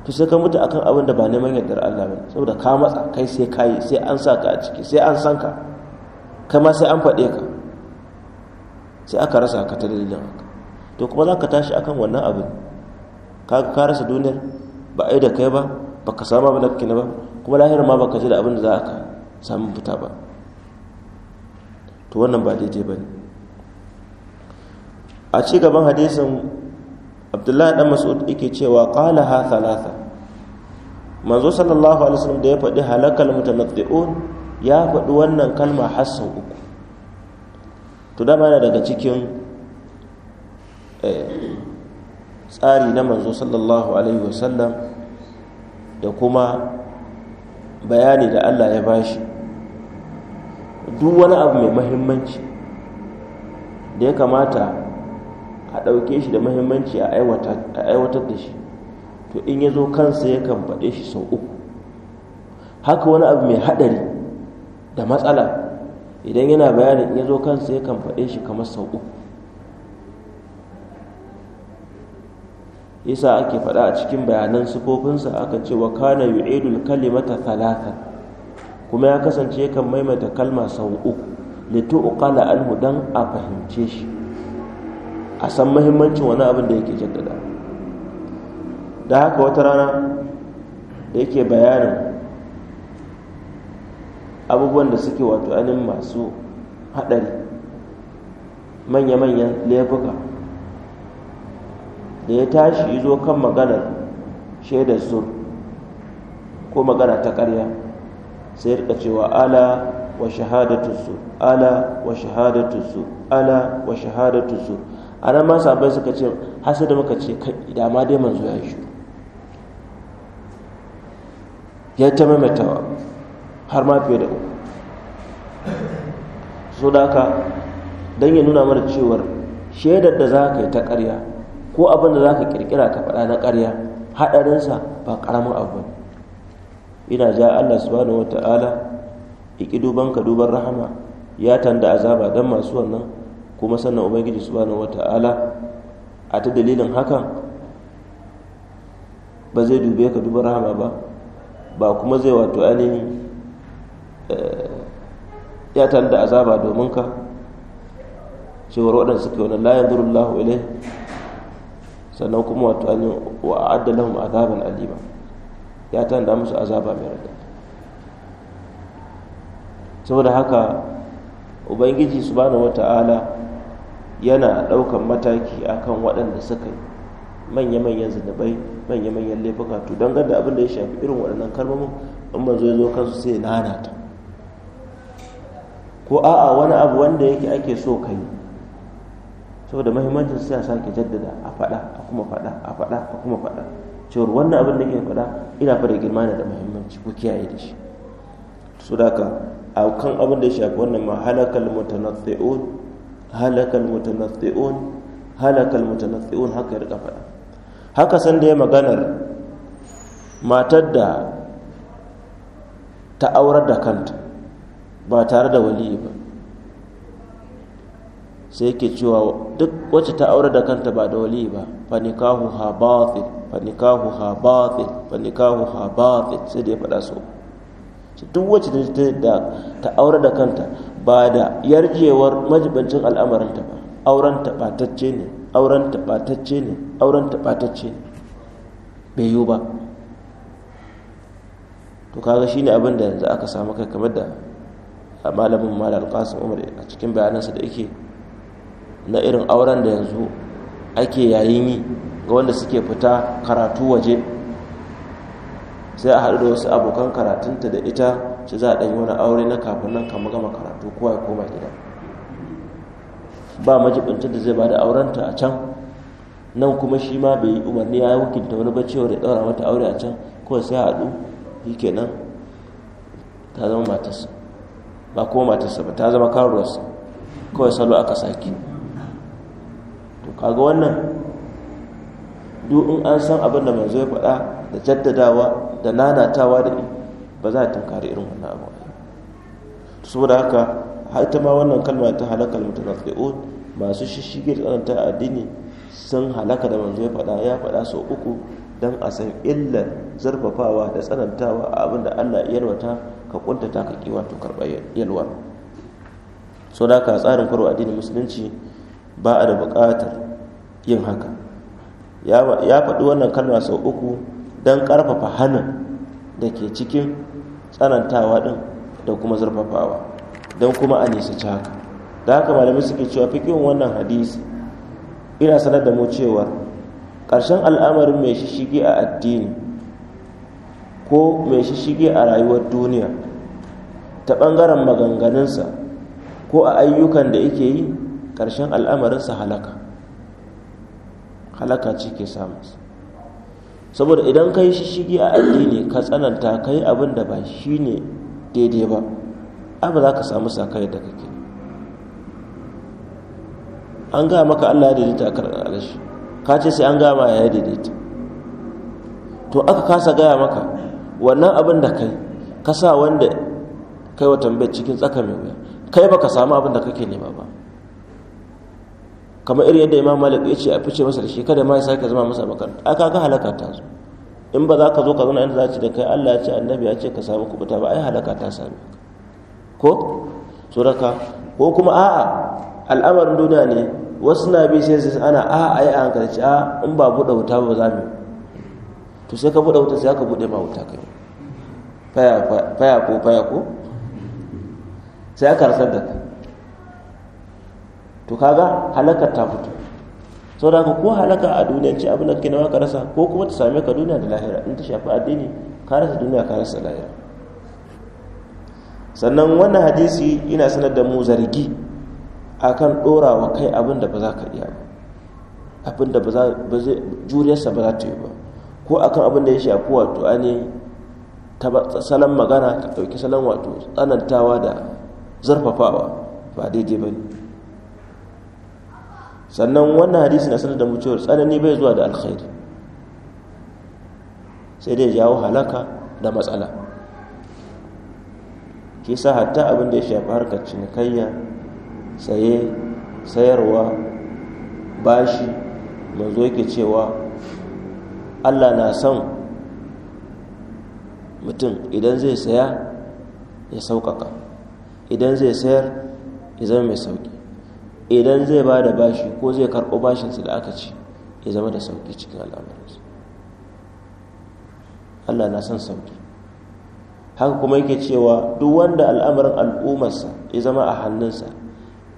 to sai ka mutu akan abin da ba neman yardar Allah ba saboda ka matsa kai sai yi sai an sa ka a ciki sai an san ka kama sai an faɗe ka sai aka rasa ka ta dalilin to kuma za ka tashi akan wannan abin ka karasa duniyar ba ai da kai ba ba samu abin da kake ba kuma lahirar ma ka ji da abin da za ka samu fita ba to wannan ba daidai ba ne a ci gaban hadisin abdullahi dan mas'ud yake cewa qala ha thalatha manzo sallallahu alaihi wasallam da ya faɗi halakal mutanaddi'un ya faɗi wannan kalma Hassan uku to dama yana daga cikin eh, tsari na manzo sallallahu alaihi wasallam da kuma bayani da allah ya bashi duk wani abu mai mahimmanci da ya kamata a ɗauke shi da mahimmanci a aiwatar da shi to in ya zo kansa ya kan faɗe shi sau uku haka wani abu mai haɗari da matsala idan yana bayani in ya zo kansa ya kan faɗe shi kamar sau uku yasa ake faɗa a cikin bayanan sifofinsa aka ce wa kana yu'idul kalimata talata kuma ya kasance yakan maimaita kalma sau uku lituqala alhu dan a fahimce shi a san muhimmancin wani abin da yake jaddada da haka wata rana da yake bayanin abubuwan da suke wato anin masu hadari manya-manyan laifuka da ya tashi ya zo kan maganar shaidar sur ko magana ta ƙarya sai rika cewa ala wa shahadatu sur ala wa shahadatu sur ala wa shahadatu sur a nan ma sabai suka ce hasa da muka ce kai da ma dai manzo ya yi shi ya ta maimaitawa har ma fiye da uku so da haka don ya nuna mana cewar shaidar da za ka yi ta ƙarya ko abin da za ka kirkira ka faɗa na ƙarya haɗarinsa ba ƙaramin abu ne ina ja allah subhanahu wa ta'ala iki duban ka duban rahama ya tanda azaba don masu wannan kuma sannan ubangiji subhanahu wa ta'ala a ta dalilin hakan ba zai dube ka duban rahama ba ba kuma zai wato ainihin eh, ya tanda azaba domin ka cewar waɗanda suke yi wani layan durullahu ilai sannan kuma wato an wa a'adda azaban alima ya tanda musu azaba mai rada saboda haka ubangiji subhanahu wata'ala yana ɗaukan mataki akan waɗanda suka yi manya-manyan zinubai manya-manyan laifuka to don ganda abin da ya shafi irin waɗannan kalmomin in ba ya zo kansu sai nanata ko a'a wani abu wanda yake ake so ka yi saboda mahimmancin sai a sake jaddada a faɗa a kuma faɗa a faɗa a kuma faɗa cewar wannan abin da ke faɗa ina fara girma da mahimmanci ku kiyaye da shi so da ka a kan abin da ya shafi wannan ma halakal mutanatsi'un halakal mutanatsi'un halakal mutanatsi'un haka ya rika faɗa haka san da ya maganar matar da ta aurar da kanta ba tare da waliyi ba sai yake cewa duk wacce ta aure da kanta ba da wali ba fanikahu ha batil fanikahu ha batil fanikahu ha batil sai dai ya so duk wacce da ta aure da kanta ba da yarjewar majibancin al'amarinta ba auren batacce ne auren batacce ne auren batacce ne bai yiwu ba to kaga shine abin da yanzu aka samu kai kamar da malamin malal qasim umar a cikin bayanansa da yake na irin auren da yanzu ake yayin yi ga wanda suke fita karatu waje sai a haɗu da wasu abokan karatunta da ita su za a ɗanyi wani aure na kafin nan kama gama karatu kowa ya koma gida ba majibinta da zai ba da aurenta a can nan kuma shi ma bai yi umarni ya wukinta wani ba cewa da ɗaura mata aure a can kawai sai a haɗu shi kenan ta zama matarsa ba kuma matarsa ba ta zama karuwarsa kawai salo aka sake kaga wannan duk in an san abin da manzo ya faɗa da jaddadawa da nanatawa da ba za a tunkari irin wannan abu saboda haka har ta ma wannan kalma ta halakar mutanazzi'un masu shishige tsananta addini sun halaka da manzo ya faɗa ya faɗa sau uku don a san illar zarfafawa da tsanantawa a abin da Allah yalwata ka kuntata ka kiwa to karɓar yalwa so da ka tsarin karo addinin musulunci ba a da buƙatar yin haka ya faɗi wannan kalma sau uku don ƙarfafa hannun da ke cikin tsanantawa ɗin da kuma zurfafawa don kuma a nisaci haka da haka malamai suke cewa fikin wannan hadisi ina sanar da mu cewa ƙarshen al'amarin mai shishigi a addini ko mai shishigi a rayuwar duniya ta ɓangaren maganganunsa ko a ayyukan da yake yi ƙarshen al'amarinsa halaka halaka ce ke samu saboda idan kai shi shige a addini ka tsananta kai abin da ba shi ne daidai ba abu za ka samu sakai da kake an gaya maka allah ya daidaita a karɓar shi ka ce sai an gaya ma ya daidaita to aka kasa gaya maka wannan abin da kai ka sa wanda kai wa tambayar cikin tsaka mai wuya kai baka samu abin da kake nema ba kamar irin yadda imam malik ya ce a fice masa da shi kada ma ya sake zama masa makaranta aka ga halaka ta zo in ba za ka zo ka zauna inda za ci da kai Allah ya ce annabi ya ce ka samu kubuta ba ai halaka ta same ka ko suraka ko kuma a'a al'amarin duniya ne wasu na bi sai sai ana a'a ai a hankalci a in ba buɗe wuta ba za mu to sai ka buɗe wuta sai ka buɗe ma wuta kai faya ko faya ko sai aka rasar da kai to kaga halakar ta fito sau da ko halaka a duniya ce abin da kake nawa ka rasa ko kuma ta same ka duniya da lahira in ta shafi addini ka rasa duniya ka rasa lahira sannan wannan hadisi ina sanar da mu zargi akan dora wa kai abin da ba za ka iya ba abin da ba za juriyarsa ba za ta yi ba ko akan abin da ya shafi wato ane salon magana ka ɗauki salon wato tsanantawa da zarfafawa ba daidai ba ne sannan wannan hadisi na sanar da mu cewa tsanani bai zuwa da alkhairi sai dai jawo halaka da matsala ke sa hatta abin da ya shafi harkar cinikayya saye sayarwa bashi manzo yake cewa allah na son mutum idan zai saya ya sauƙaƙa idan zai sayar ya zama mai sauƙi idan zai ba da bashi ko zai karɓo su da aka ci ya zama da sauƙi cikin al'amuransu allah na son sauƙi haka kuma yake cewa duk wanda al'amarin al'ummarsa ya zama a hannunsa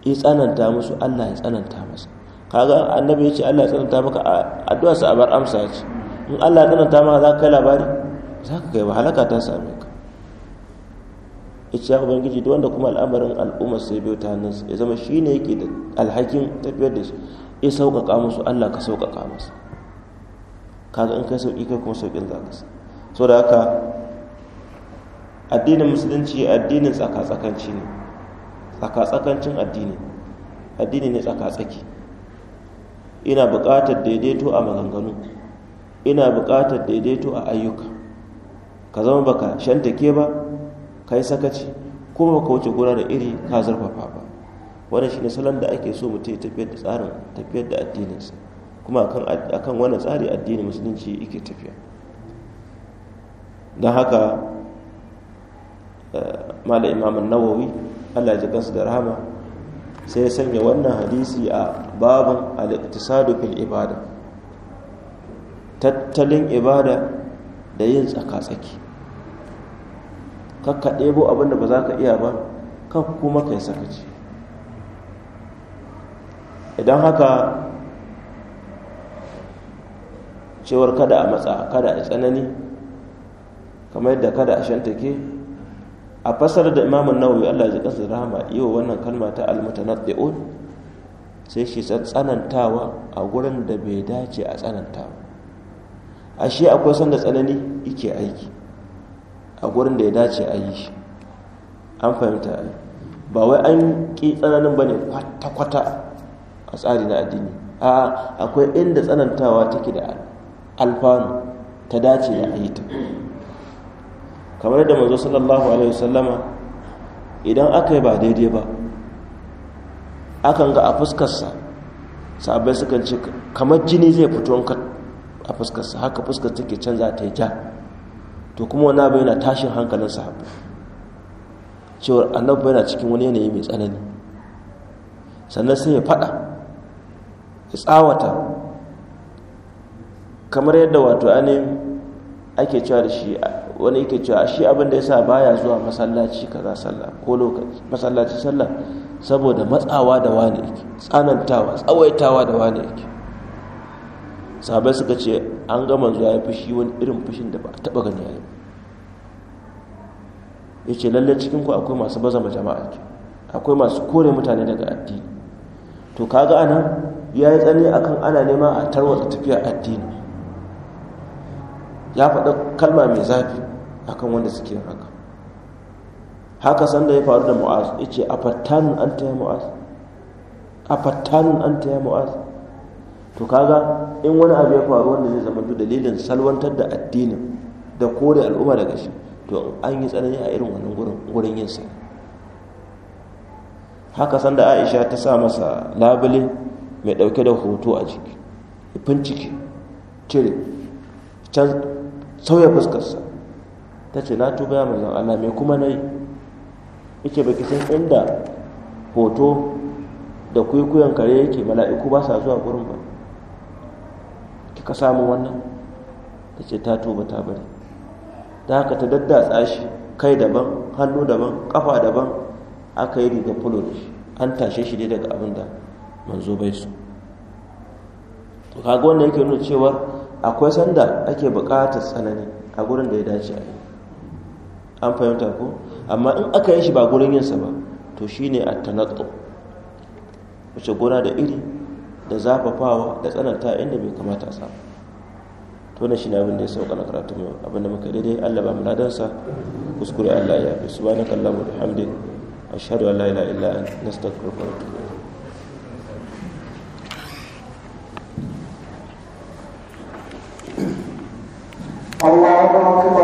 ya tsananta musu allah ya tsananta masa kaga annabi ya ce allah ya tsananta maka a sa a bar amsa ya ce in allah ya tsananta maka za ka kai labari za ka kai ba halaka ta same ka yace ya ubangiji duk wanda kuma al'amarin al'ummar sai biyo ta hannunsa ya zama shi ne yake da alhakin tafiyar da su ya sauƙaƙa musu Allah ka sauƙaƙa musu kaga in kai sauƙi kai kuma sauƙin za ka so da haka addinin musulunci addinin tsaka-tsakanci ne tsaka-tsakancin addini addini ne tsaka-tsaki ina buƙatar daidaito a maganganu ina buƙatar daidaito a ayyuka ka zama baka ke ba kai yi sakaci kuma ka wuce gona da iri ka zarfafa ba wannan shine salon da ake so mutum ya tafiyar da tsarin tafiyar da addininsa kuma akan wannan tsari addini musulunci yake tafiya don haka eh, mala imam nawawi Allah ji kansu da rahama sai ya sanya wannan hadisi a babin al-iqtisadu fil ibada tattalin ibada da yin tsaka-tsaki kakka ɗebo abin da ba za ka iya ba kan kuma kai sakaci idan haka cewar kada a matsa kada a tsanani kamar yadda kada a shantake a fasar da imamun nawawi Allah ji kansa rahama iya wannan kalma ta almutanaddi'un sai shi tsanantawa a gurin da bai dace a tsanantawa A shi akwai sanda tsanani yake aiki a gurin da ya dace a yi shi an fahimta ba wai an ƙi tsananin ba ne kwata-kwata a tsari na addini a akwai inda tsanantawa take da alfanu ta dace da a yi ta kamar da mazo sallallahu alaihi wasallama idan aka yi ba daidai ba akan ga a fuskarsa sabai sukan ce kamar jini zai fito a fuskarsa haka fuskar take canza ta yi ja to kuma wani abu yana tashin hankalin sahabbai cewar annabi yana cikin wani yanayi mai tsanani sannan sai ya faɗa ya tsawata kamar yadda wato ainihin ake cewa da shi wani yake cewa shi abin da sa baya zuwa masallaci kaza sallah ko lokaci masallaci sallah saboda matsawa da wani yake tsanantawa tsawaitawa da wani yake sahabai suka ce an ga manzo ya fushi wani irin fushin da ba a taba gani yayi ya ce lallai cikin ku akwai masu baza ma jama'a akwai masu kore mutane daga addini to kaga anan ya yi tsani akan ana nema a tarwata tafiya addini ya faɗa kalma mai zafi akan wanda suke haka haka sanda ya faru da mu'az ya ce a fattanin an taya mu'az a fattanin an taya mu'az to kaga in wani abu ya faru wanda zai zama dalilin salwantar da addinin da kore al'umma daga shi to an yi tsanani a irin wannan gurin yinsa. yin sa haka sanda Aisha ta sa masa labule mai dauke da hoto a jiki fincike cire can sauya fuskarsa ta ce na tuba ya manzan Allah mai kuma na yi yake baki san inda hoto da kwaikwayon kare yake mala'iku ba sa zuwa gurin ba ka samu wannan ta ce ta tuba ta bari da haka ta daddatsa shi kai daban hannu daban kafa daban aka yi riga fulo da shi an tashe shi dai daga abin da manzo bai su to kaga wannan yake nuna cewa akwai sanda ake buƙatar tsanani a gurin da ya dace a yi an fahimta ko amma in aka yi shi ba gurin yinsa ba to shine at-tanaqqu wace gona da iri da zafafawa da tsananta inda bai kamata a samu to na shi ne abin da ya sauka na karatu mai abin da muka daidai Allah ba muladansa kuskure Allah ya fi su Allahumma bihamdik ashhadu an la ilaha illa anta nastaghfiruka wa natubu ilayk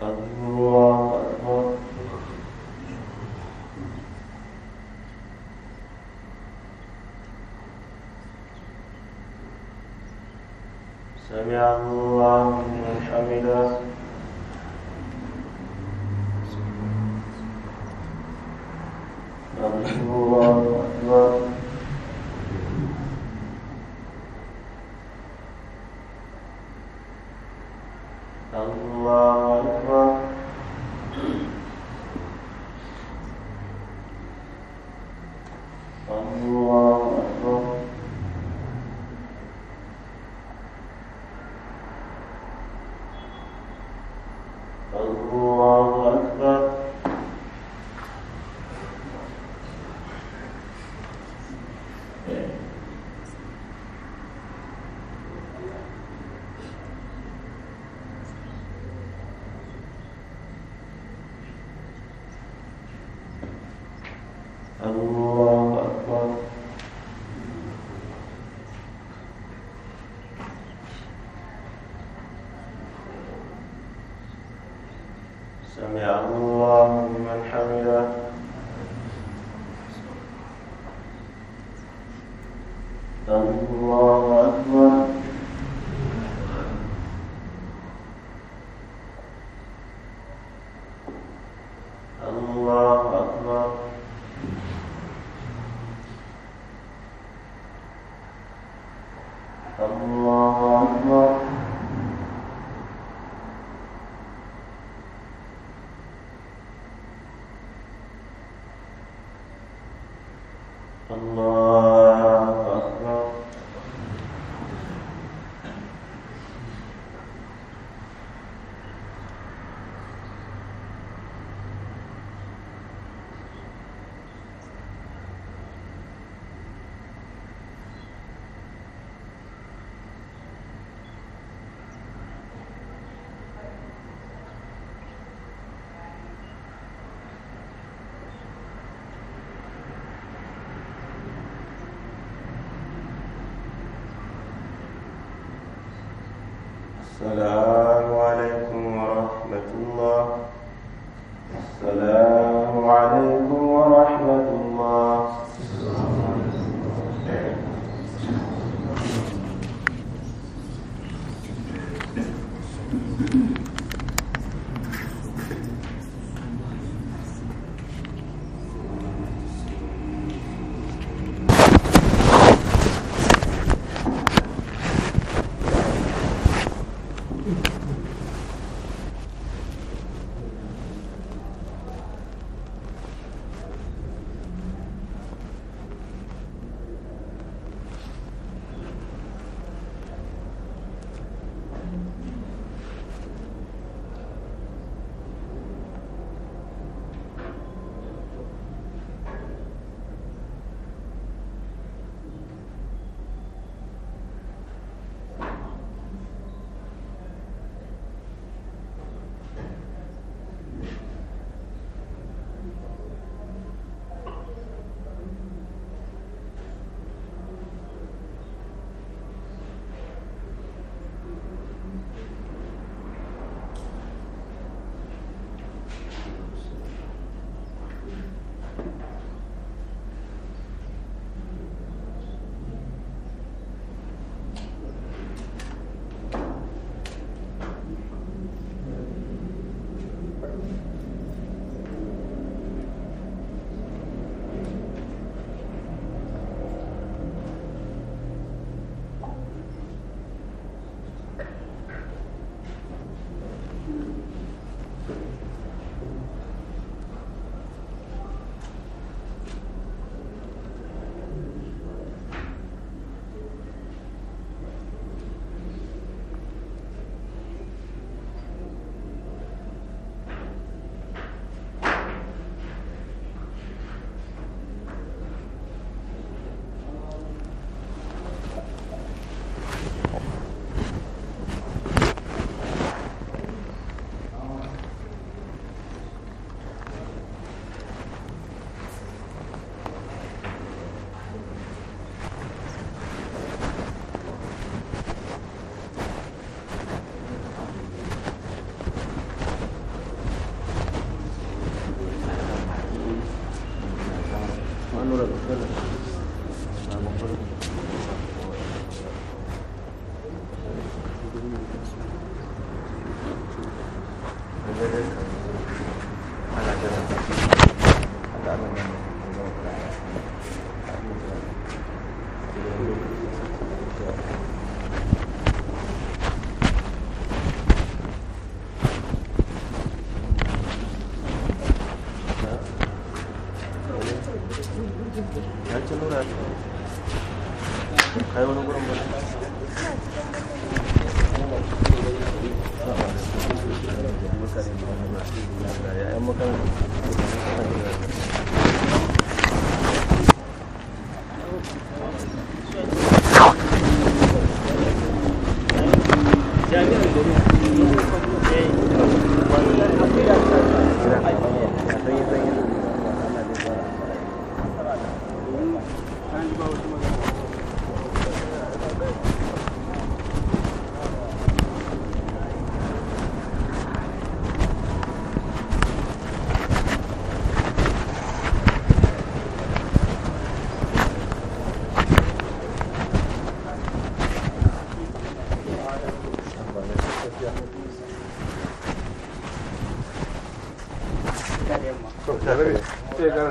سمع الله من حمده 哒啦。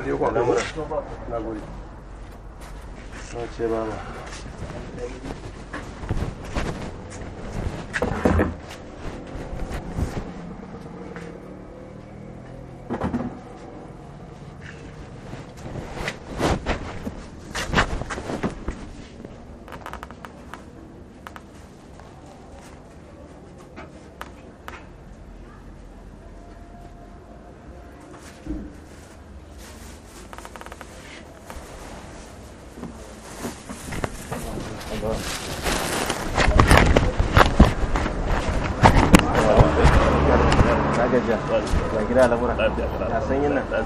有广东的，那估计那接班了。gajiya ba gida labura ka san yin nan na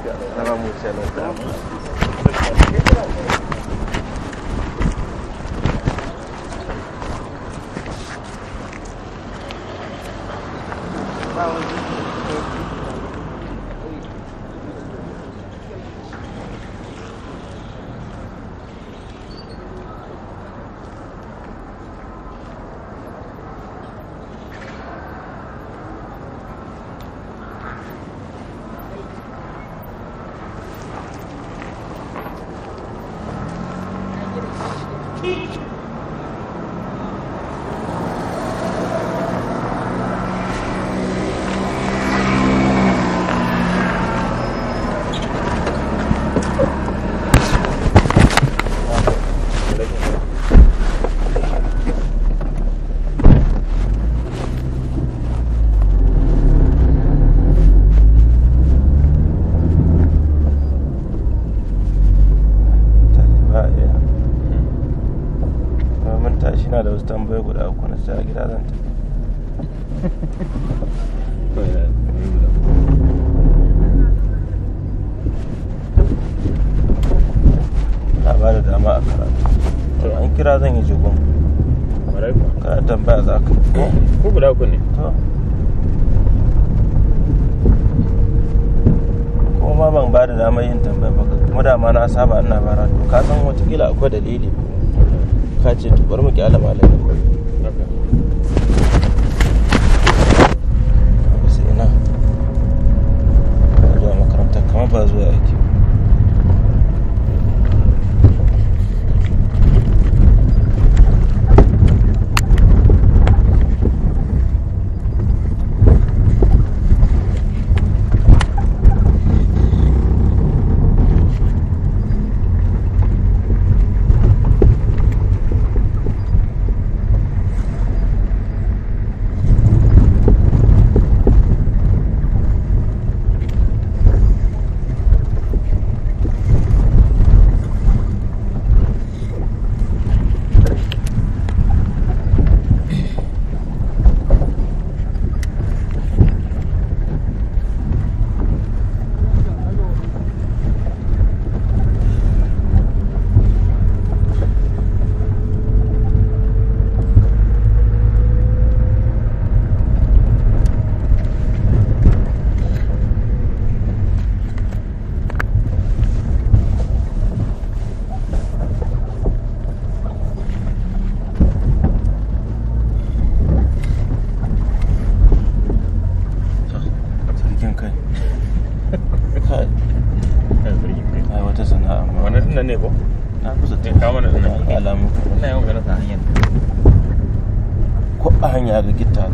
ba wasu tambayoyi guda uku na gida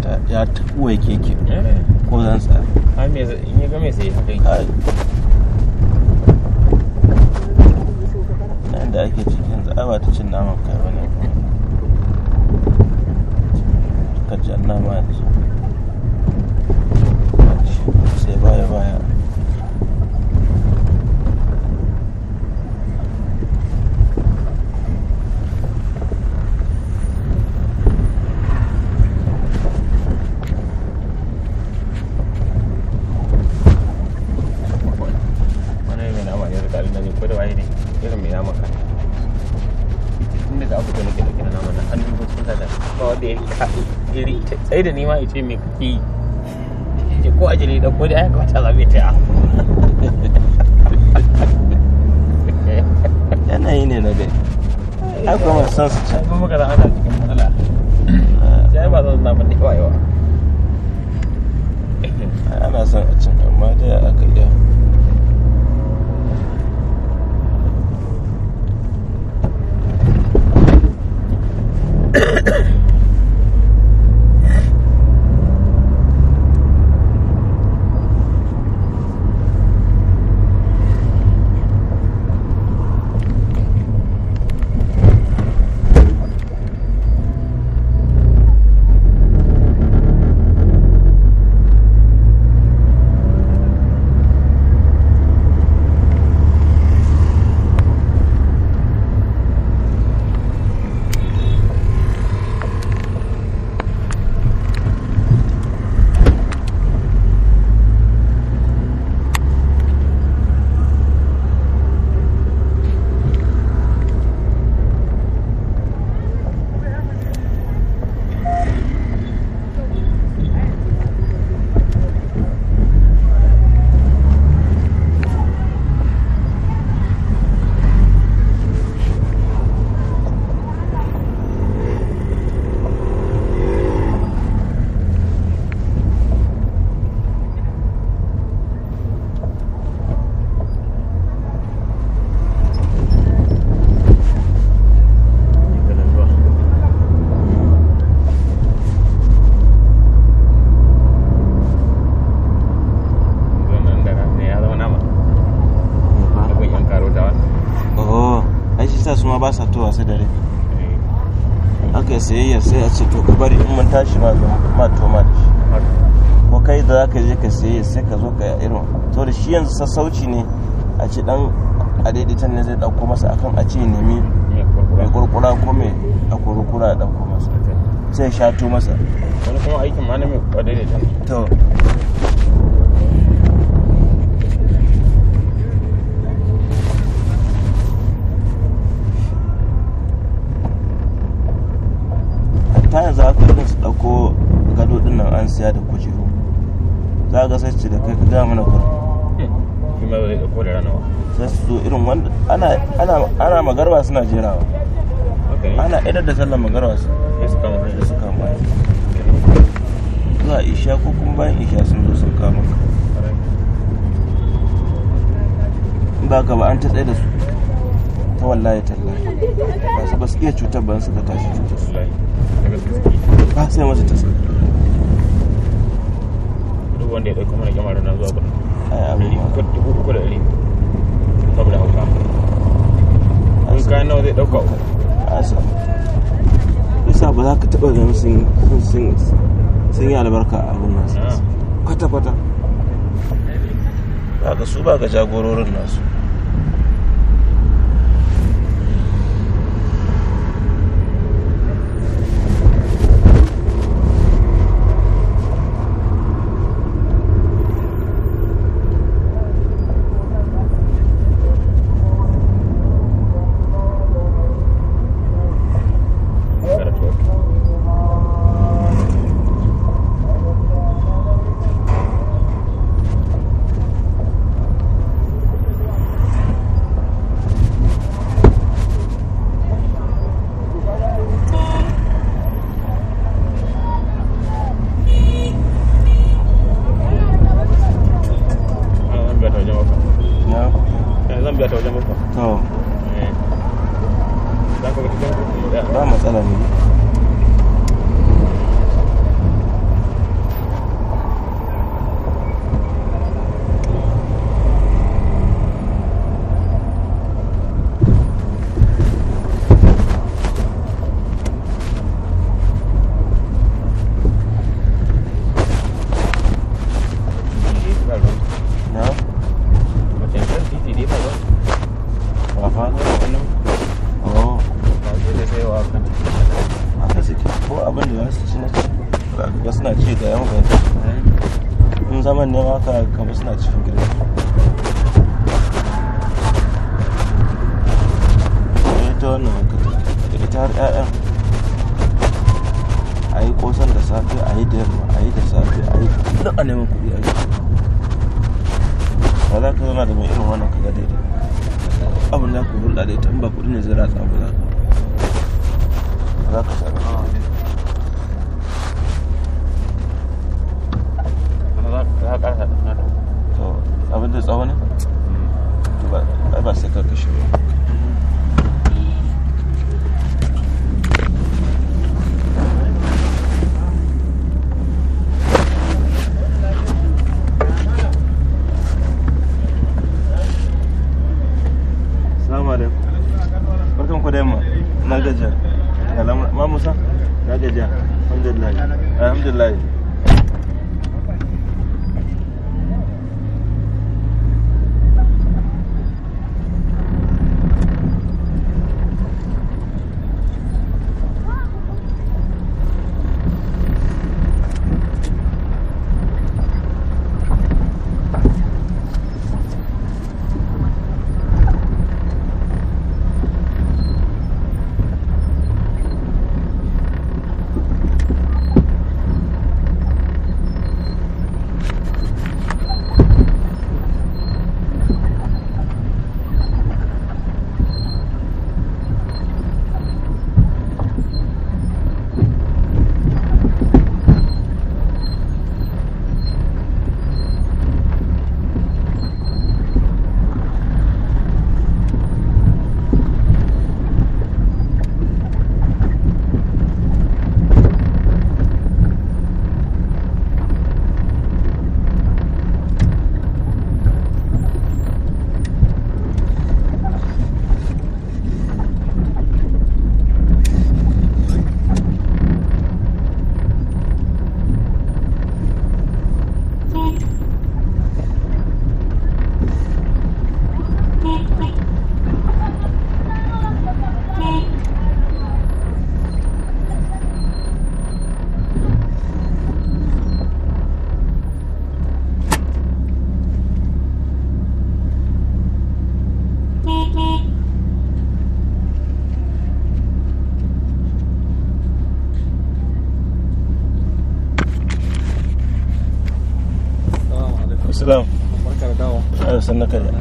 ta ya taɓuwa keke eh. ko zan tsari in yi game sai haka nan da ake cikin za'aba ta cin sai mai kake yi ce ko ajali da ko da ya kamata zabe ta yanayi ne na dai ai kuma san su can sai ka zo ka irin to da shi yanzu sassauci ne a ce dan a daidaitan ne zai dauko masa akan a ce nemi mai kurkura ko mai a kurkura dauko masa sai to masa wani kuma aikin ma na mai kwa daidaitan to ta yanzu aka su dauko gado dinnan an siya da kujeru kaga sai ce da kai ga mana kurin hmm. shi ma bai da kodara nawa sai su zo irin wanda ana ana ana magarba suna jerawa ana idar da sallar magarba su su kama da su kama ya zuwa isha ko kuma bayan isha sun zo sun kama ka ba ka ba an ta tsaye da su ta wallahi tallahi ba su ba su iya cutar ba su ka tashi cutar su ba sai masu tasiri duk wanda ya ɗauka mana kyamara na zuwa kuɗi dubu uku da ɗari saboda hauka in kayan nawa zai ɗauka uku yasa ba za ka taɓa ganin sun sun yi albarka a abin nasu ah. kwata-kwata ba ga su ba ga jagororin nasu barkan ku da yamma na gajiya ma musa na gajiya alhamdulillah alhamdulillah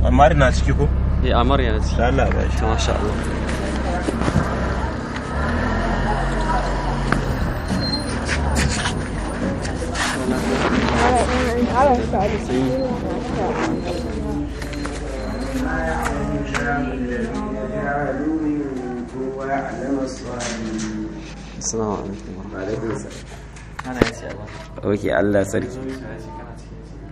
Amar na ciki ko? Eh Amar yana ciki. Masha Allah.